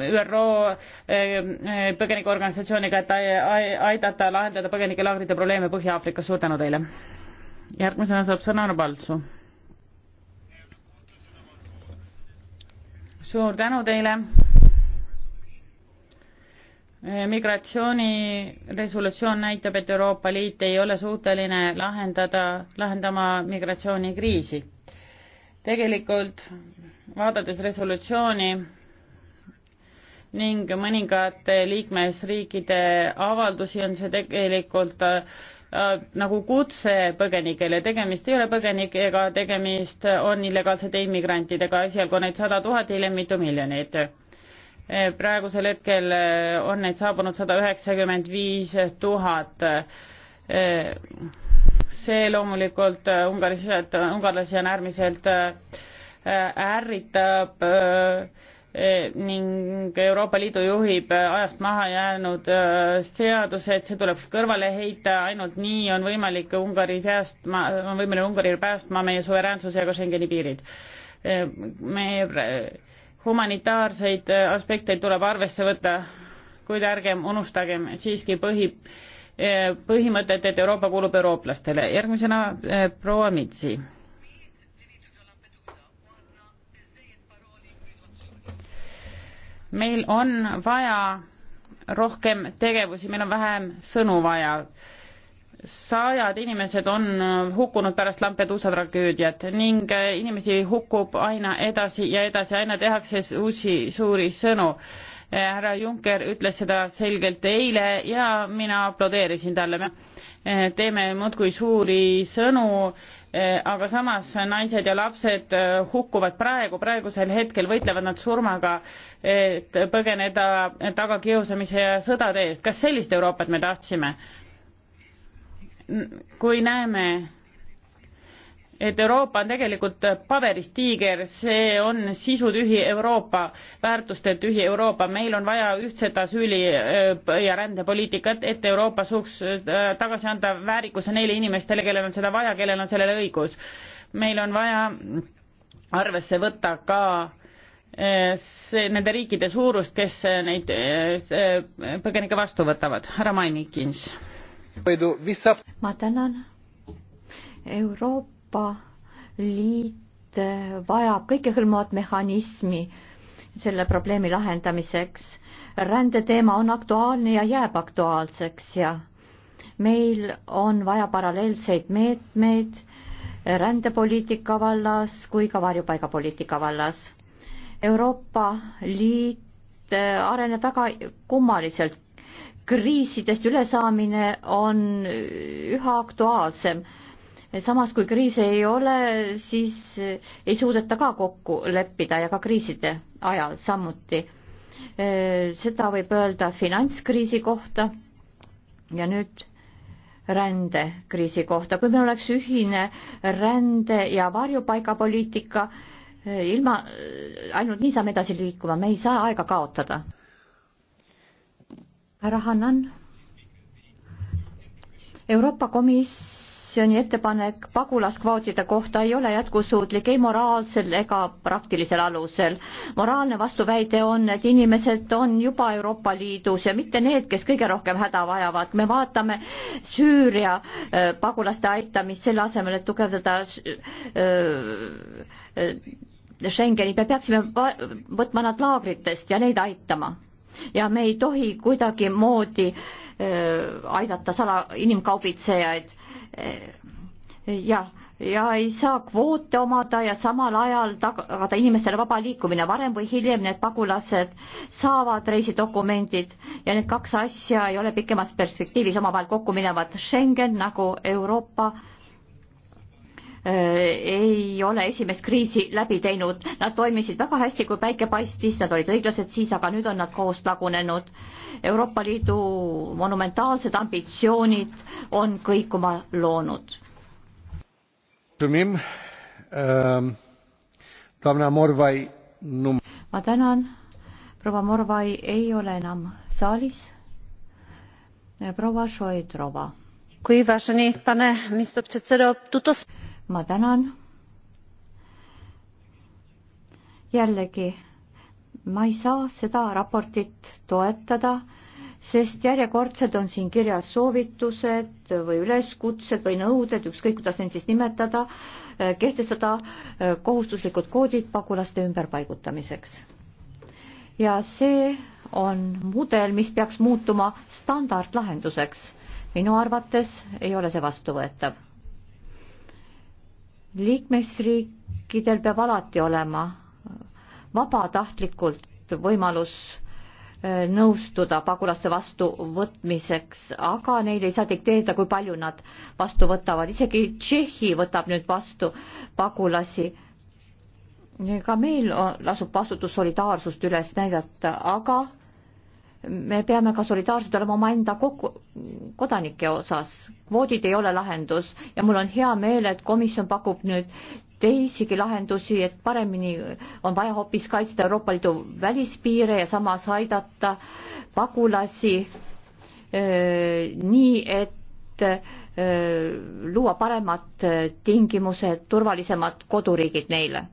ÜRO eh, eh, põgenikeorganisatsiooniga, et aidata lahendada põgenikelaagrite probleeme Põhja-Aafrikas. suur tänu teile. järgmisena saab sõna Baltsu. suur tänu teile migratsiooni resolutsioon näitab, et Euroopa Liit ei ole suuteline lahendada, lahendama migratsioonikriisi tegelikult vaadates resolutsiooni ning mõningate liikmesriikide avaldusi on see tegelikult äh, äh, nagu kutse põgenikele, tegemist ei ole põgenikega, tegemist on illegaalsete immigrantidega, esialgu on neid sada tuhat, hiljem mitu miljonit. Äh, praegusel hetkel äh, on neid saabunud sada üheksakümmend viis tuhat see loomulikult äh, ungarlased, äh, ungarlasi on äärmiselt äh, ärritab eh, ning Euroopa Liidu juhib ajast maha jäänud seadused, see tuleb kõrvale heita, ainult nii on võimalik Ungari päästma, on võimalik Ungaril päästma meie suveräänsuse ja ka Schengeni piirid. Eh, me humanitaarseid aspekte tuleb arvesse võtta, kuid ärgem unustagem siiski põhi põhimõtet, et Euroopa kuulub eurooplastele. järgmisena eh, proua Mitsi. meil on vaja rohkem tegevusi, meil on vähem sõnu vaja. sajad inimesed on hukkunud pärast Lampedusa tragöödiat ning eh, inimesi hukkub aina edasi ja edasi, aina tehakse uusi suuri sõnu Eh, härra Juncker ütles seda selgelt eile ja mina aplodeerisin talle. Eh, teeme muudkui suuri sõnu, eh, aga samas naised ja lapsed hukkuvad praegu, praegusel hetkel võitlevad nad surmaga, et põgeneda tagakiusamise ja sõdade eest. kas sellist Euroopat me tahtsime? kui näeme et Euroopa on tegelikult paberist tiiger, see on sisutühi Euroopa, väärtuste tühi Euroopa, meil on vaja ühtset asüüli äh, ja rändepoliitikat, et Euroopa suuks äh, tagasi anda väärikuse neile inimestele, kellel on seda vaja, kellel on sellele õigus. meil on vaja arvesse võtta ka äh, see, nende riikide suurust, kes neid põgenikke vastu võtavad. härra Mainikins. ma tänan Euroopa Euroopa Liit vajab kõikehõlmavat mehhanismi selle probleemi lahendamiseks. rändeteema on aktuaalne ja jääb aktuaalseks ja meil on vaja paralleelseid meetmeid rändepoliitika vallas kui ka varjupaigapoliitika vallas. Euroopa Liit areneb väga kummaliselt kriisidest ülesaamine on üha aktuaalsem samas kui kriise ei ole, siis ei suudeta ka kokku leppida ja ka kriiside ajal samuti. seda võib öelda finantskriisi kohta ja nüüd rändekriisi kohta. kui meil oleks ühine rände- ja varjupaigapoliitika, ilma, ainult nii saame edasi liikuma, me ei saa aega kaotada. härra Hannan. Euroopa Komisjon komisjoni ettepanek pagulaskvootide kohta ei ole jätkusuutlik ei moraalsel ega praktilisel alusel. moraalne vastuväide on, et inimesed on juba Euroopa Liidus ja mitte need, kes kõige rohkem häda vajavad. me vaatame Süüria äh, pagulaste aitamist selle asemel, et tugevdada äh, äh, Schengeni, me peaksime võtma nad laagritest ja neid aitama. ja me ei tohi kuidagimoodi aidata sala, inimkaubitsejaid Äh, jah, ja ei saa kvoote omada ja samal ajal tagada inimestele vaba liikumine, varem või hiljem need pagulased saavad reisidokumendid ja need kaks asja ei ole pikemas perspektiivis omavahel kokku minevad. Schengen nagu Euroopa Äh, ei ole esimest kriisi läbi teinud, nad toimisid väga hästi, kui päike paistis, nad olid õiglased siis, aga nüüd on nad koos lagunenud. Euroopa Liidu monumentaalsed ambitsioonid on kõikuma loonud. Ähm, ma tänan, proua Morvai ei ole enam saalis. proua Šoidrova. Děkuji, vážený pane místopředsedo. Tuto ma tänan. jällegi, ma ei saa seda raportit toetada, sest järjekordselt on siin kirjas soovitused või üleskutsed või nõuded, ükskõik kuidas neid siis nimetada, eh, kehtestada eh, kohustuslikud koodid pagulaste ümberpaigutamiseks. ja see on mudel, mis peaks muutuma standardlahenduseks. minu arvates ei ole see vastuvõetav liikmesriikidel peab alati olema vabatahtlikult võimalus äh, nõustuda pagulaste vastuvõtmiseks, aga neile ei saa dikteerida, kui palju nad vastu võtavad. isegi Tšehhi võtab nüüd vastu pagulasi. ka meil on, lasub vastutus solidaarsust üles näidata, aga me peame ka solidaarsed olema omaenda kokku, kodanike osas. kvoodid ei ole lahendus ja mul on hea meel, et komisjon pakub nüüd teisigi lahendusi, et paremini on vaja hoopis kaitsta Euroopa Liidu välispiire ja samas aidata pagulasi öö, nii, et öö, luua paremad tingimused, turvalisemad koduriigid neile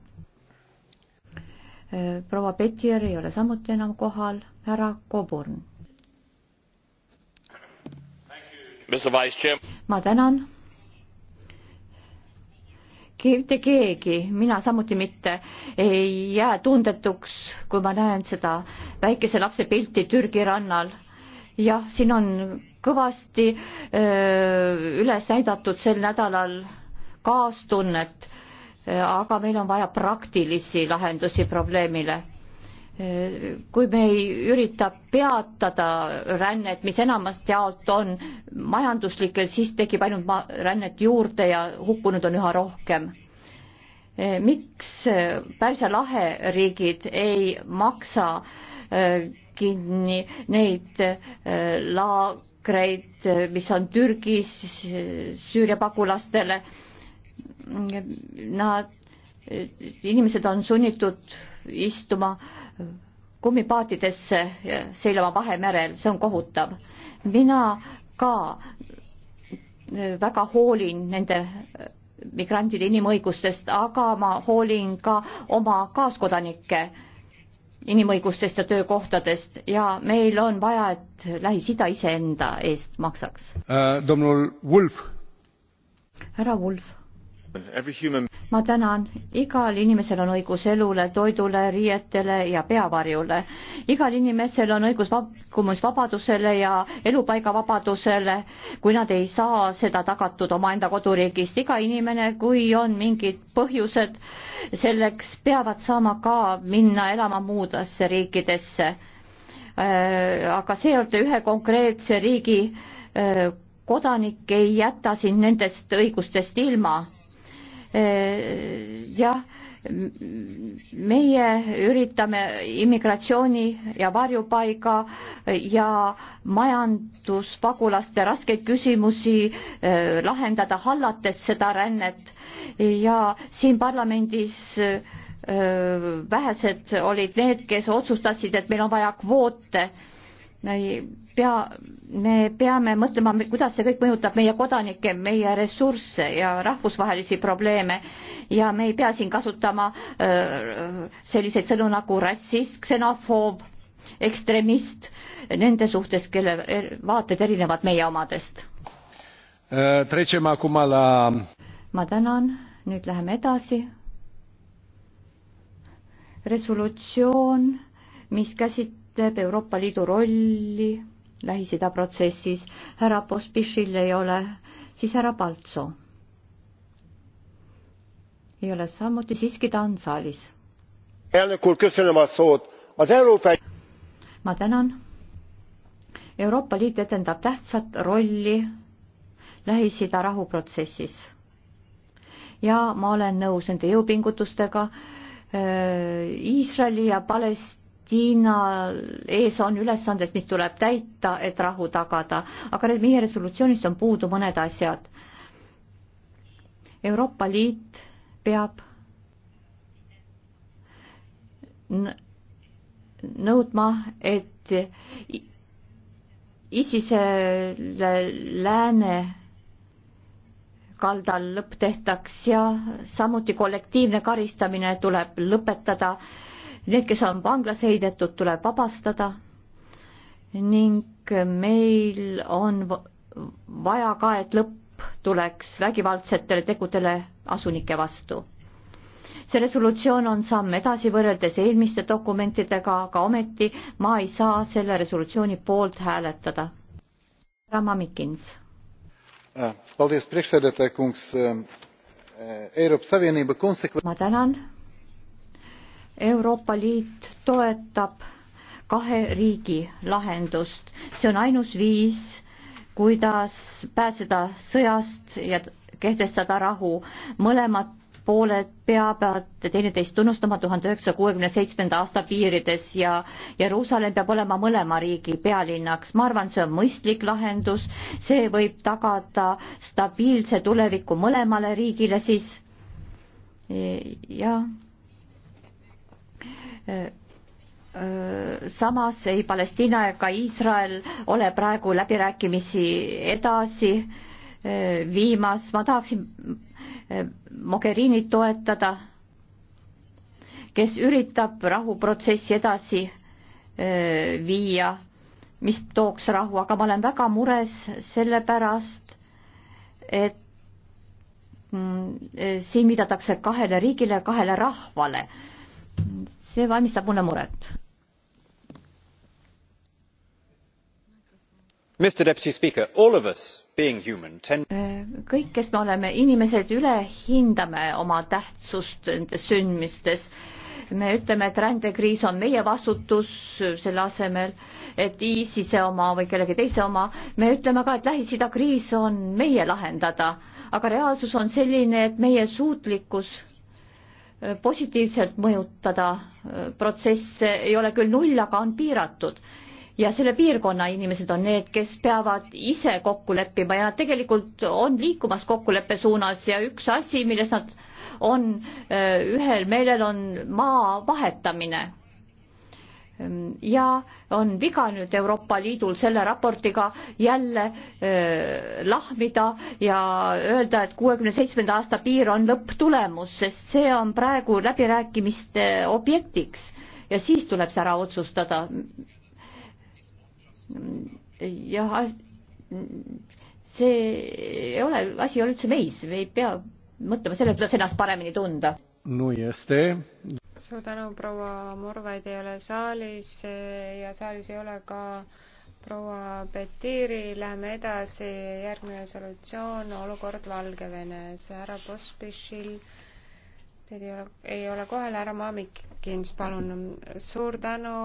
proua Petier ei ole samuti enam kohal, härra Coburn. ma tänan. mitte keegi, mina samuti mitte, ei jää tundetuks, kui ma näen seda väikese lapse pilti Türgi rannal. jah, siin on kõvasti öö, üles näidatud sel nädalal kaastunnet aga meil on vaja praktilisi lahendusi probleemile. kui me ei ürita peatada rännet, mis enamast jaolt on majanduslikel, siis tekib ainult rännet juurde ja hukkunud on üha rohkem miks Pärsia lahe riigid ei maksa äh, kinni neid äh, laagreid, mis on Türgis Süüria pagulastele nad, inimesed on sunnitud istuma kummipaatidesse seilama Vahemerel, see on kohutav. mina ka e, väga hoolin nende e, migrantide inimõigustest, aga ma hoolin ka oma kaaskodanike inimõigustest ja töökohtadest ja meil on vaja, et Lähis-Ida iseenda eest maksaks äh,. härra Wolf ma tänan, igal inimesel on õigus elule, toidule, riietele ja peavarjule. igal inimesel on õigus vabkumisvabadusele ja elupaigavabadusele, kui nad ei saa seda tagatud omaenda koduriigist. iga inimene, kui on mingid põhjused selleks, peavad saama ka minna elama muudesse riikidesse. Äh, aga see, et ühe konkreetse riigi äh, kodanik ei jäta sind nendest õigustest ilma Äh, jah, meie üritame immigratsiooni ja varjupaiga ja majanduspagulaste raskeid küsimusi äh, lahendada, hallates seda rännet ja siin parlamendis äh, vähesed olid need, kes otsustasid, et meil on vaja kvoote pea, me peame mõtlema, kuidas see kõik mõjutab meie kodanikke, meie ressursse ja rahvusvahelisi probleeme ja me ei pea siin kasutama äh, selliseid sõnu nagu rassist, ksenofoob, ekstremist nende suhtes, kelle er-, vaated erinevad meie omadest. Äh, ma tänan, nüüd läheme edasi. resolutsioon, mis käsit-, näitab Euroopa Liidu rolli Lähis-Ida protsessis. härra Pospišil ei ole, siis härra Paltso. ei ole samuti, siiski ta on saalis. ma tänan. Euroopa Liit etendab tähtsat rolli Lähis-Ida rahuprotsessis. ja ma olen nõus nende jõupingutustega äh, Iisraeli ja Palestiina Palestiinal ees on ülesanded, mis tuleb täita, et rahu tagada, aga need meie resolutsioonist on puudu mõned asjad. Euroopa Liit peab nõudma, et ISISele lääne kaldal lõpp tehtaks ja samuti kollektiivne karistamine tuleb lõpetada Need, kes on vanglas heidetud, tuleb vabastada ning meil on vaja ka, et lõpp tuleks vägivaldsetele tegudele asunike vastu. see resolutsioon on samm edasi võrreldes eelmiste dokumentidega, aga ometi ma ei saa selle resolutsiooni poolt hääletada. Rama Mikins. ma tänan Euroopa Liit toetab kahe riigi lahendust. see on ainus viis, kuidas pääseda sõjast ja kehtestada rahu. mõlemad pooled peavad teineteist tunnustama tuhande üheksasaja kuuekümne seitsmenda aasta piirides ja Jeruusalemm peab olema mõlema riigi pealinnaks. ma arvan, see on mõistlik lahendus, see võib tagada stabiilse tuleviku mõlemale riigile siis. jah Äh, äh, samas ei Palestiina ega Iisrael ole praegu läbirääkimisi edasi äh, viimas. ma tahaksin Mogherinit toetada, kes üritab rahuprotsessi edasi viia, mis tooks rahu, aga ma olen väga mures sellepärast, et mm, siin viidatakse kahele riigile, kahele rahvale see valmistab mulle muret. Äh, kõik, kes me oleme inimesed, ülehindame oma tähtsust nendes sündmistes me ütleme, et rändekriis on meie vastutus selle asemel, et ISISe oma või kellegi teise oma, me ütleme ka, et Lähis-Ida kriis on meie lahendada, aga reaalsus on selline, et meie suutlikkus positiivselt mõjutada äh, protsesse, ei ole küll null, aga on piiratud. ja selle piirkonna inimesed on need, kes peavad ise kokku leppima ja nad tegelikult on liikumas kokkuleppe suunas ja üks asi, milles nad on äh, ühel meelel, on maa vahetamine Ehm, ja on viga nüüd Euroopa Liidul selle raportiga jälle eh, lahmida ja öelda, et kuuekümne seitsmenda aasta piir on lõpptulemus, sest see on praegu läbirääkimiste objektiks ja siis tuleb see ära otsustada. jah, see ei ole, asi ei ole üldse meis, me ei pea mõtlema selle peale, kuidas ennast paremini tunda. no ja see suur tänu, proua Murvaid ei ole saalis ja saalis ei ole ka proua Petiri, läheme edasi, järgmine resolutsioon, olukord Valgevenes, härra Pospišil, teid ei ole, ei ole kohal, härra Maamikins, palun. suur tänu,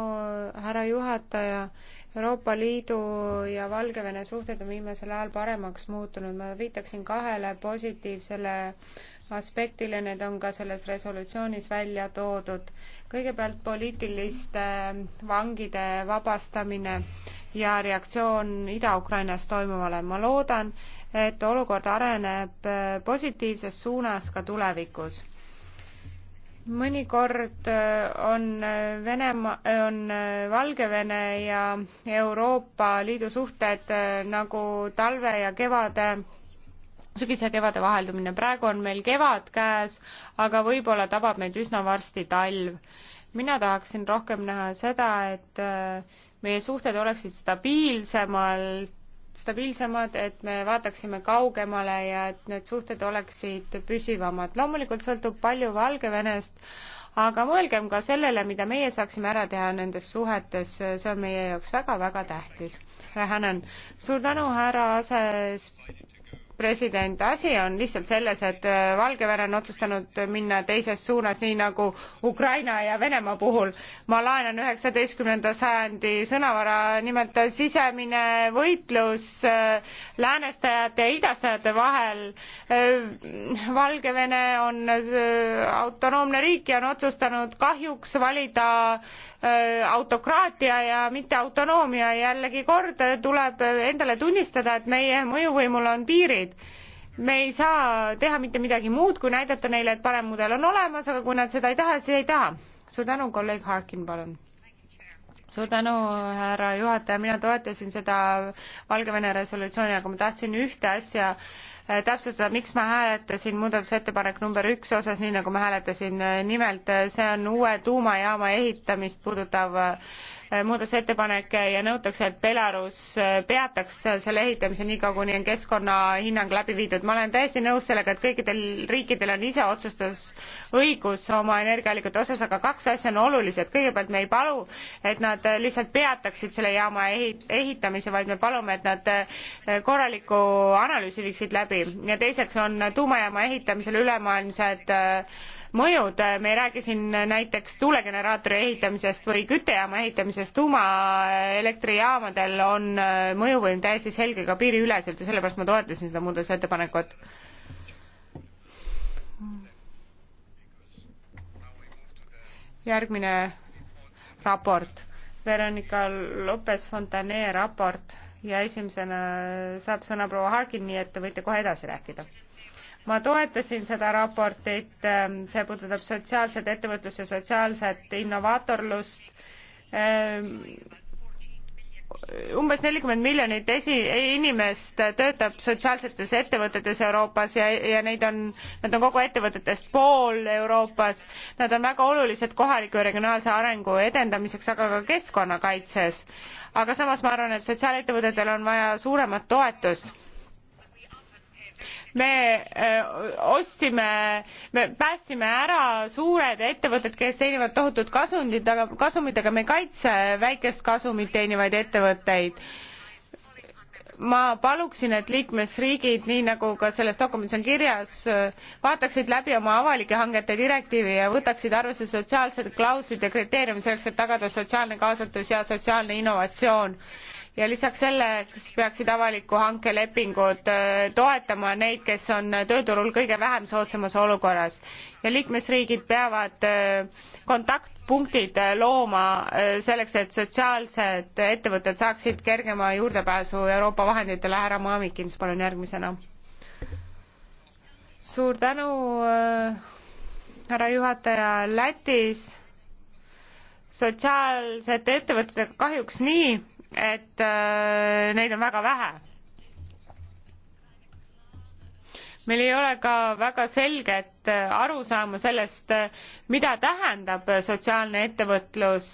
härra juhataja, Euroopa Liidu ja Valgevene suhted on viimasel ajal paremaks muutunud, ma viitaksin kahele positiivsele äh, aspektile, need on ka selles resolutsioonis välja toodud. kõigepealt poliitiliste vangide vabastamine ja reaktsioon Ida-Ukrainas toimuvale. ma loodan, et olukord areneb positiivses suunas ka tulevikus. mõnikord on Venemaa, on Valgevene ja Euroopa Liidu suhted nagu talve ja kevade sügise kevade vaheldumine. praegu on meil kevad käes, aga võib-olla tabab meid üsna varsti talv. mina tahaksin rohkem näha seda, et äh, meie suhted oleksid stabiilsemalt, stabiilsemad, et me vaataksime kaugemale ja et need suhted oleksid püsivamad. loomulikult sõltub palju Valgevenest, aga mõelgem ka sellele, mida meie saaksime ära teha nendes suhetes, see on meie jaoks väga-väga tähtis. härra Hänen, suur tänu, härra ases-, president, asi on lihtsalt selles, et äh, Valgevene on otsustanud minna teises suunas, nii nagu Ukraina ja Venemaa puhul. ma laenan üheksateistkümnenda sajandi sõnavara, nimelt sisemine võitlus äh, läänestajate ja idastajate vahel. Äh, Valgevene on autonoomne riik ja on otsustanud kahjuks valida Äh, autokraatia ja mitte autonoomia. jällegi kord tuleb endale tunnistada, et meie mõjuvõimul on piirid. me ei saa teha mitte midagi muud, kui näidata neile, et parem mudel on olemas, aga kui nad seda ei taha, siis ei taha. suur tänu, kolleeg Harkin, palun suur tänu, härra juhataja, mina toetasin seda Valgevene resolutsiooni, aga ma tahtsin ühte asja äh, Äh, täpsustada, miks ma hääletasin muudatusettepanek number üks osas, nii nagu ma hääletasin. Äh, nimelt äh, see on uue tuumajaama ehitamist puudutav Äh, muudatusettepanek ja nõutakse, et Belarus äh, peataks selle ehitamise niikaua, kuni on keskkonnahinnang läbi viidud. ma olen täiesti nõus sellega, et kõikidel riikidel on ise otsustusõigus oma energiaallikate osas, aga kaks asja on olulised. kõigepealt me ei palu, et nad äh, lihtsalt peataksid selle jaama ehit-, ehitamise, vaid me palume, et nad korraliku analüüsi viiksid läbi ja teiseks on tuumajaama ehitamisel ülemaailmsed mõjud, me ei räägi siin näiteks tuulegeneraatori ehitamisest või küttejaama ehitamisest, tuumaelektrijaamadel on äh, mõjuvõim täiesti selge ka piiriüleselt ja sellepärast ma toetasin seda muudatusettepanekut. järgmine raport, Veronika Lopez Fontane raport ja esimesena saab sõna proua Harkin, nii et te võite kohe edasi rääkida ma toetasin seda raportit, see puudutab sotsiaalset ettevõtlust ja sotsiaalset innovaatorlust. Ehm, umbes nelikümmend miljonit esi-, inimest töötab sotsiaalsetes ettevõtetes Euroopas ja, ja neid on, nad on kogu ettevõtetest pool Euroopas. Nad on väga olulised kohaliku ja regionaalse arengu edendamiseks, aga ka keskkonnakaitses. aga samas ma arvan, et sotsiaalettevõtetel on vaja suuremat toetust me ostsime, me päästsime ära suured ettevõtted, kes teenivad tohutut kasumit, aga kasumit, aga me ei kaitse väikest kasumit teenivaid ettevõtteid ma paluksin et liikmesriigid nii nagu ka selles dokumendis on kirjas vaataksid läbi oma avalike hangete direktiivi ja võtaksid arvesse sotsiaalsed klauslid ja kriteeriumid selleks et tagada sotsiaalne kaasatus ja sotsiaalne innovatsioon ja lisaks selleks peaksid avaliku hanke lepingud äh, toetama neid, kes on tööturul kõige vähem soodsamas olukorras ja liikmesriigid peavad äh, kontaktpunktid äh, looma selleks, et sotsiaalsed ettevõtted saaksid kergema juurdepääsu Euroopa vahenditele. härra Maamikins, palun järgmisena. suur tänu, härra juhataja, Lätis sotsiaalsete ettevõtetega kahjuks nii et äh, neid on väga vähe. meil ei ole ka väga selget äh, arusaama sellest, äh, mida tähendab sotsiaalne ettevõtlus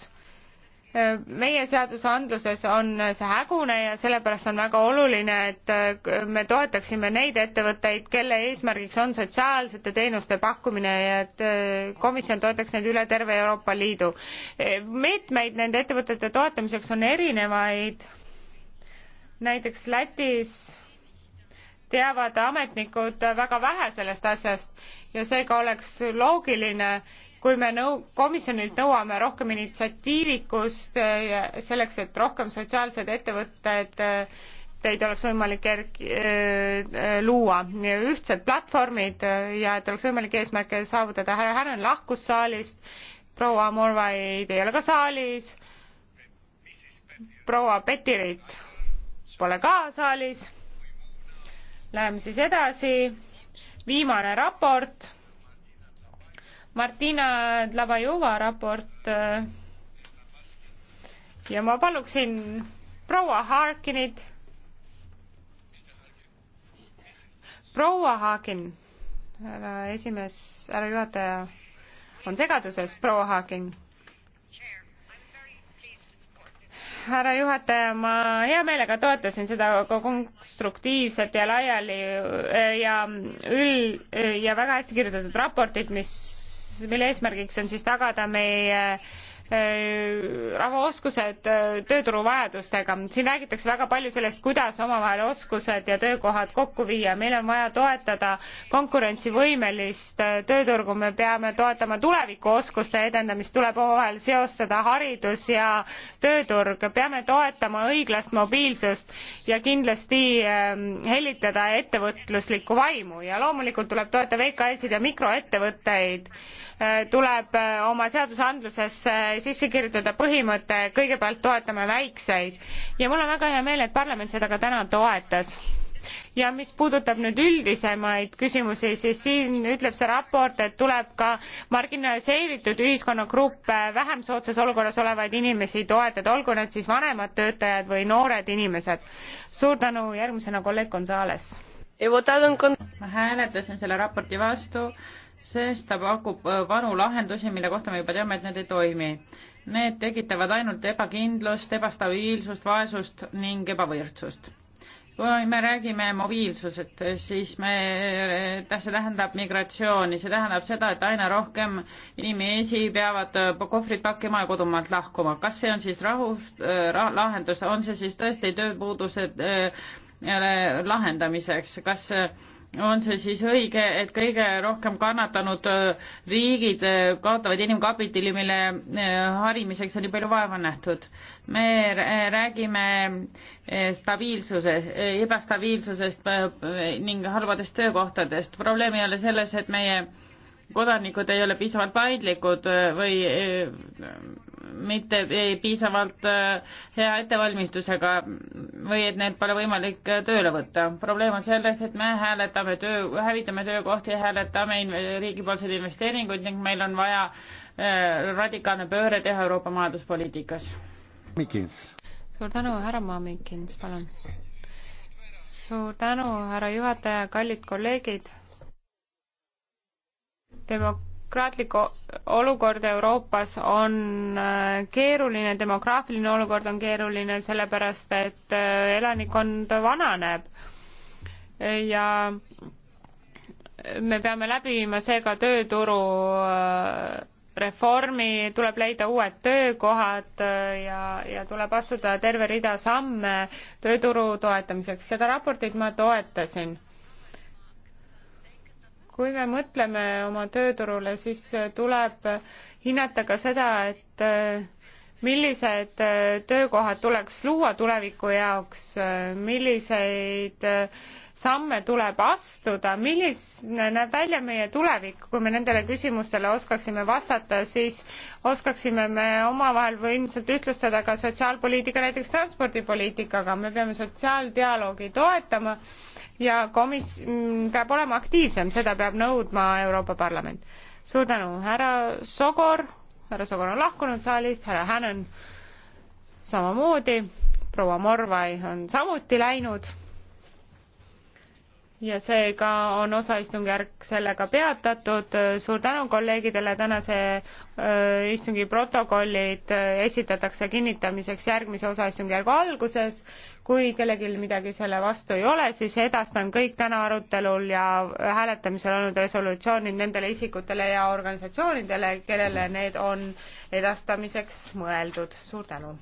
meie seadusandluses on see hägune ja sellepärast on väga oluline, et äh, me toetaksime neid ettevõtteid, kelle eesmärgiks on sotsiaalsete teenuste pakkumine ja et äh, komisjon toetaks neid üle terve Euroopa Liidu. Äh, meetmeid nende ettevõtete toetamiseks on erinevaid, näiteks Lätis teavad ametnikud väga vähe sellest asjast ja seega oleks loogiline, kui me nõu-, komisjonilt nõuame rohkem initsiatiivikust eh, selleks, et rohkem sotsiaalsed ettevõtted eh, teid oleks võimalik erk-, eh, luua, ühtsed platvormid ja et oleks võimalik eesmärke saavutada, härra Härn lahkus saalist, proua Morvaid ei ole ka saalis, proua Petirit pole ka saalis, läheme siis edasi, viimane raport Martina Dlabajova raport äh, ja ma paluksin proua Harkinit. proua Harkin, härra esimees, härra juhataja on segaduses, proua Harkin. härra juhataja, ma hea meelega toetasin seda konstruktiivset ja laiali ja üld- ja väga hästi kirjutatud raportit, mis mille eesmärgiks on siis tagada meie äh, rahvaoskused äh, tööturu vajadustega. siin räägitakse väga palju sellest, kuidas omavahel oskused ja töökohad kokku viia. meil on vaja toetada konkurentsivõimelist äh, tööturgu, me peame toetama tulevikuoskuste edendamist, tuleb omavahel seostada haridus ja tööturg. peame toetama õiglast mobiilsust ja kindlasti ähm, hellitada ettevõtluslikku vaimu ja loomulikult tuleb toetada VKS-id ja mikroettevõtteid Äh, tuleb äh, oma seadusandlusesse sisse kirjutada põhimõte, kõigepealt toetame väikseid ja mul on väga hea meel, et parlament seda ka täna toetas ja mis puudutab nüüd üldisemaid küsimusi, siis siin ütleb see raport, et tuleb ka marginaliseeritud ühiskonnagruppe, äh, vähem soodsas olukorras olevaid inimesi toetada, olgu need siis vanemad töötajad või noored inimesed. suur tänu, järgmisena kolleeg Gonzales. ma hääletasin selle raporti vastu sest ta pakub äh, vanu lahendusi, mille kohta me juba teame, et need ei toimi. Need tekitavad ainult ebakindlust, ebastabiilsust, vaesust ning ebavõrdsust. kui me räägime mobiilsusest, siis me, äh, see tähendab migratsiooni, see tähendab seda, et aina rohkem inimesi peavad äh, kohvrid pakkima ja kodumaalt lahkuma. kas see on siis rahu rah,, lahendus, on see siis tõesti tööpuuduse äh, lahendamiseks, kas äh, on see siis õige, et kõige rohkem kannatanud äh, riigid äh, kaotavad inimkapitali, mille äh, harimiseks on nii palju vaeva nähtud. me räägime stabiilsuse, ebastabiilsusest ning halbadest töökohtadest. probleem ei ole selles, et meie kodanikud ei ole piisavalt paindlikud või mitte piisavalt äh, hea ettevalmistusega või et need pole võimalik äh, tööle võtta. probleem on selles, et me hääletame töö, hävitame töökohti, hääletame riigipoolseid investeeringuid ning meil on vaja äh, radikaalne pööre teha Euroopa majanduspoliitikas. suur tänu, härra Maamikins, palun. suur tänu, härra juhataja, kallid kolleegid Demok. Demok- demokraatlik olukord Euroopas on äh, keeruline, demograafiline olukord on keeruline, sellepärast et äh, elanikkond vananeb ja me peame läbi viima seega tööturu äh, reformi, tuleb leida uued töökohad ja, ja tuleb astuda terve rida samme tööturu toetamiseks. seda raportit ma toetasin kui me mõtleme oma tööturule, siis tuleb hinnata ka seda, et äh, millised äh, töökohad tuleks luua tuleviku jaoks, äh, milliseid samme tuleb astuda, milline näeb välja meie tulevik, kui me nendele küsimustele oskaksime vastata, siis oskaksime me omavahel või ilmselt ühtlustada ka sotsiaalpoliitika näiteks transpordipoliitikaga, me peame sotsiaaldialoogi toetama ja komis- mm, peab olema aktiivsem, seda peab nõudma Euroopa Parlament. suur tänu, härra Sogor, härra Sogor on lahkunud saalist, härra Hänen samamoodi, proua Morvai on samuti läinud ja seega on osaistungjärk sellega peatatud. suur tänu kolleegidele, tänase äh, istungi protokollid äh, esitatakse kinnitamiseks järgmise osaistungjärgu alguses kui kellelgi midagi selle vastu ei ole, siis edastan kõik täna arutelul ja hääletamisel olnud resolutsioonid nendele isikutele ja organisatsioonidele, kellele need on edastamiseks mõeldud. suur tänu!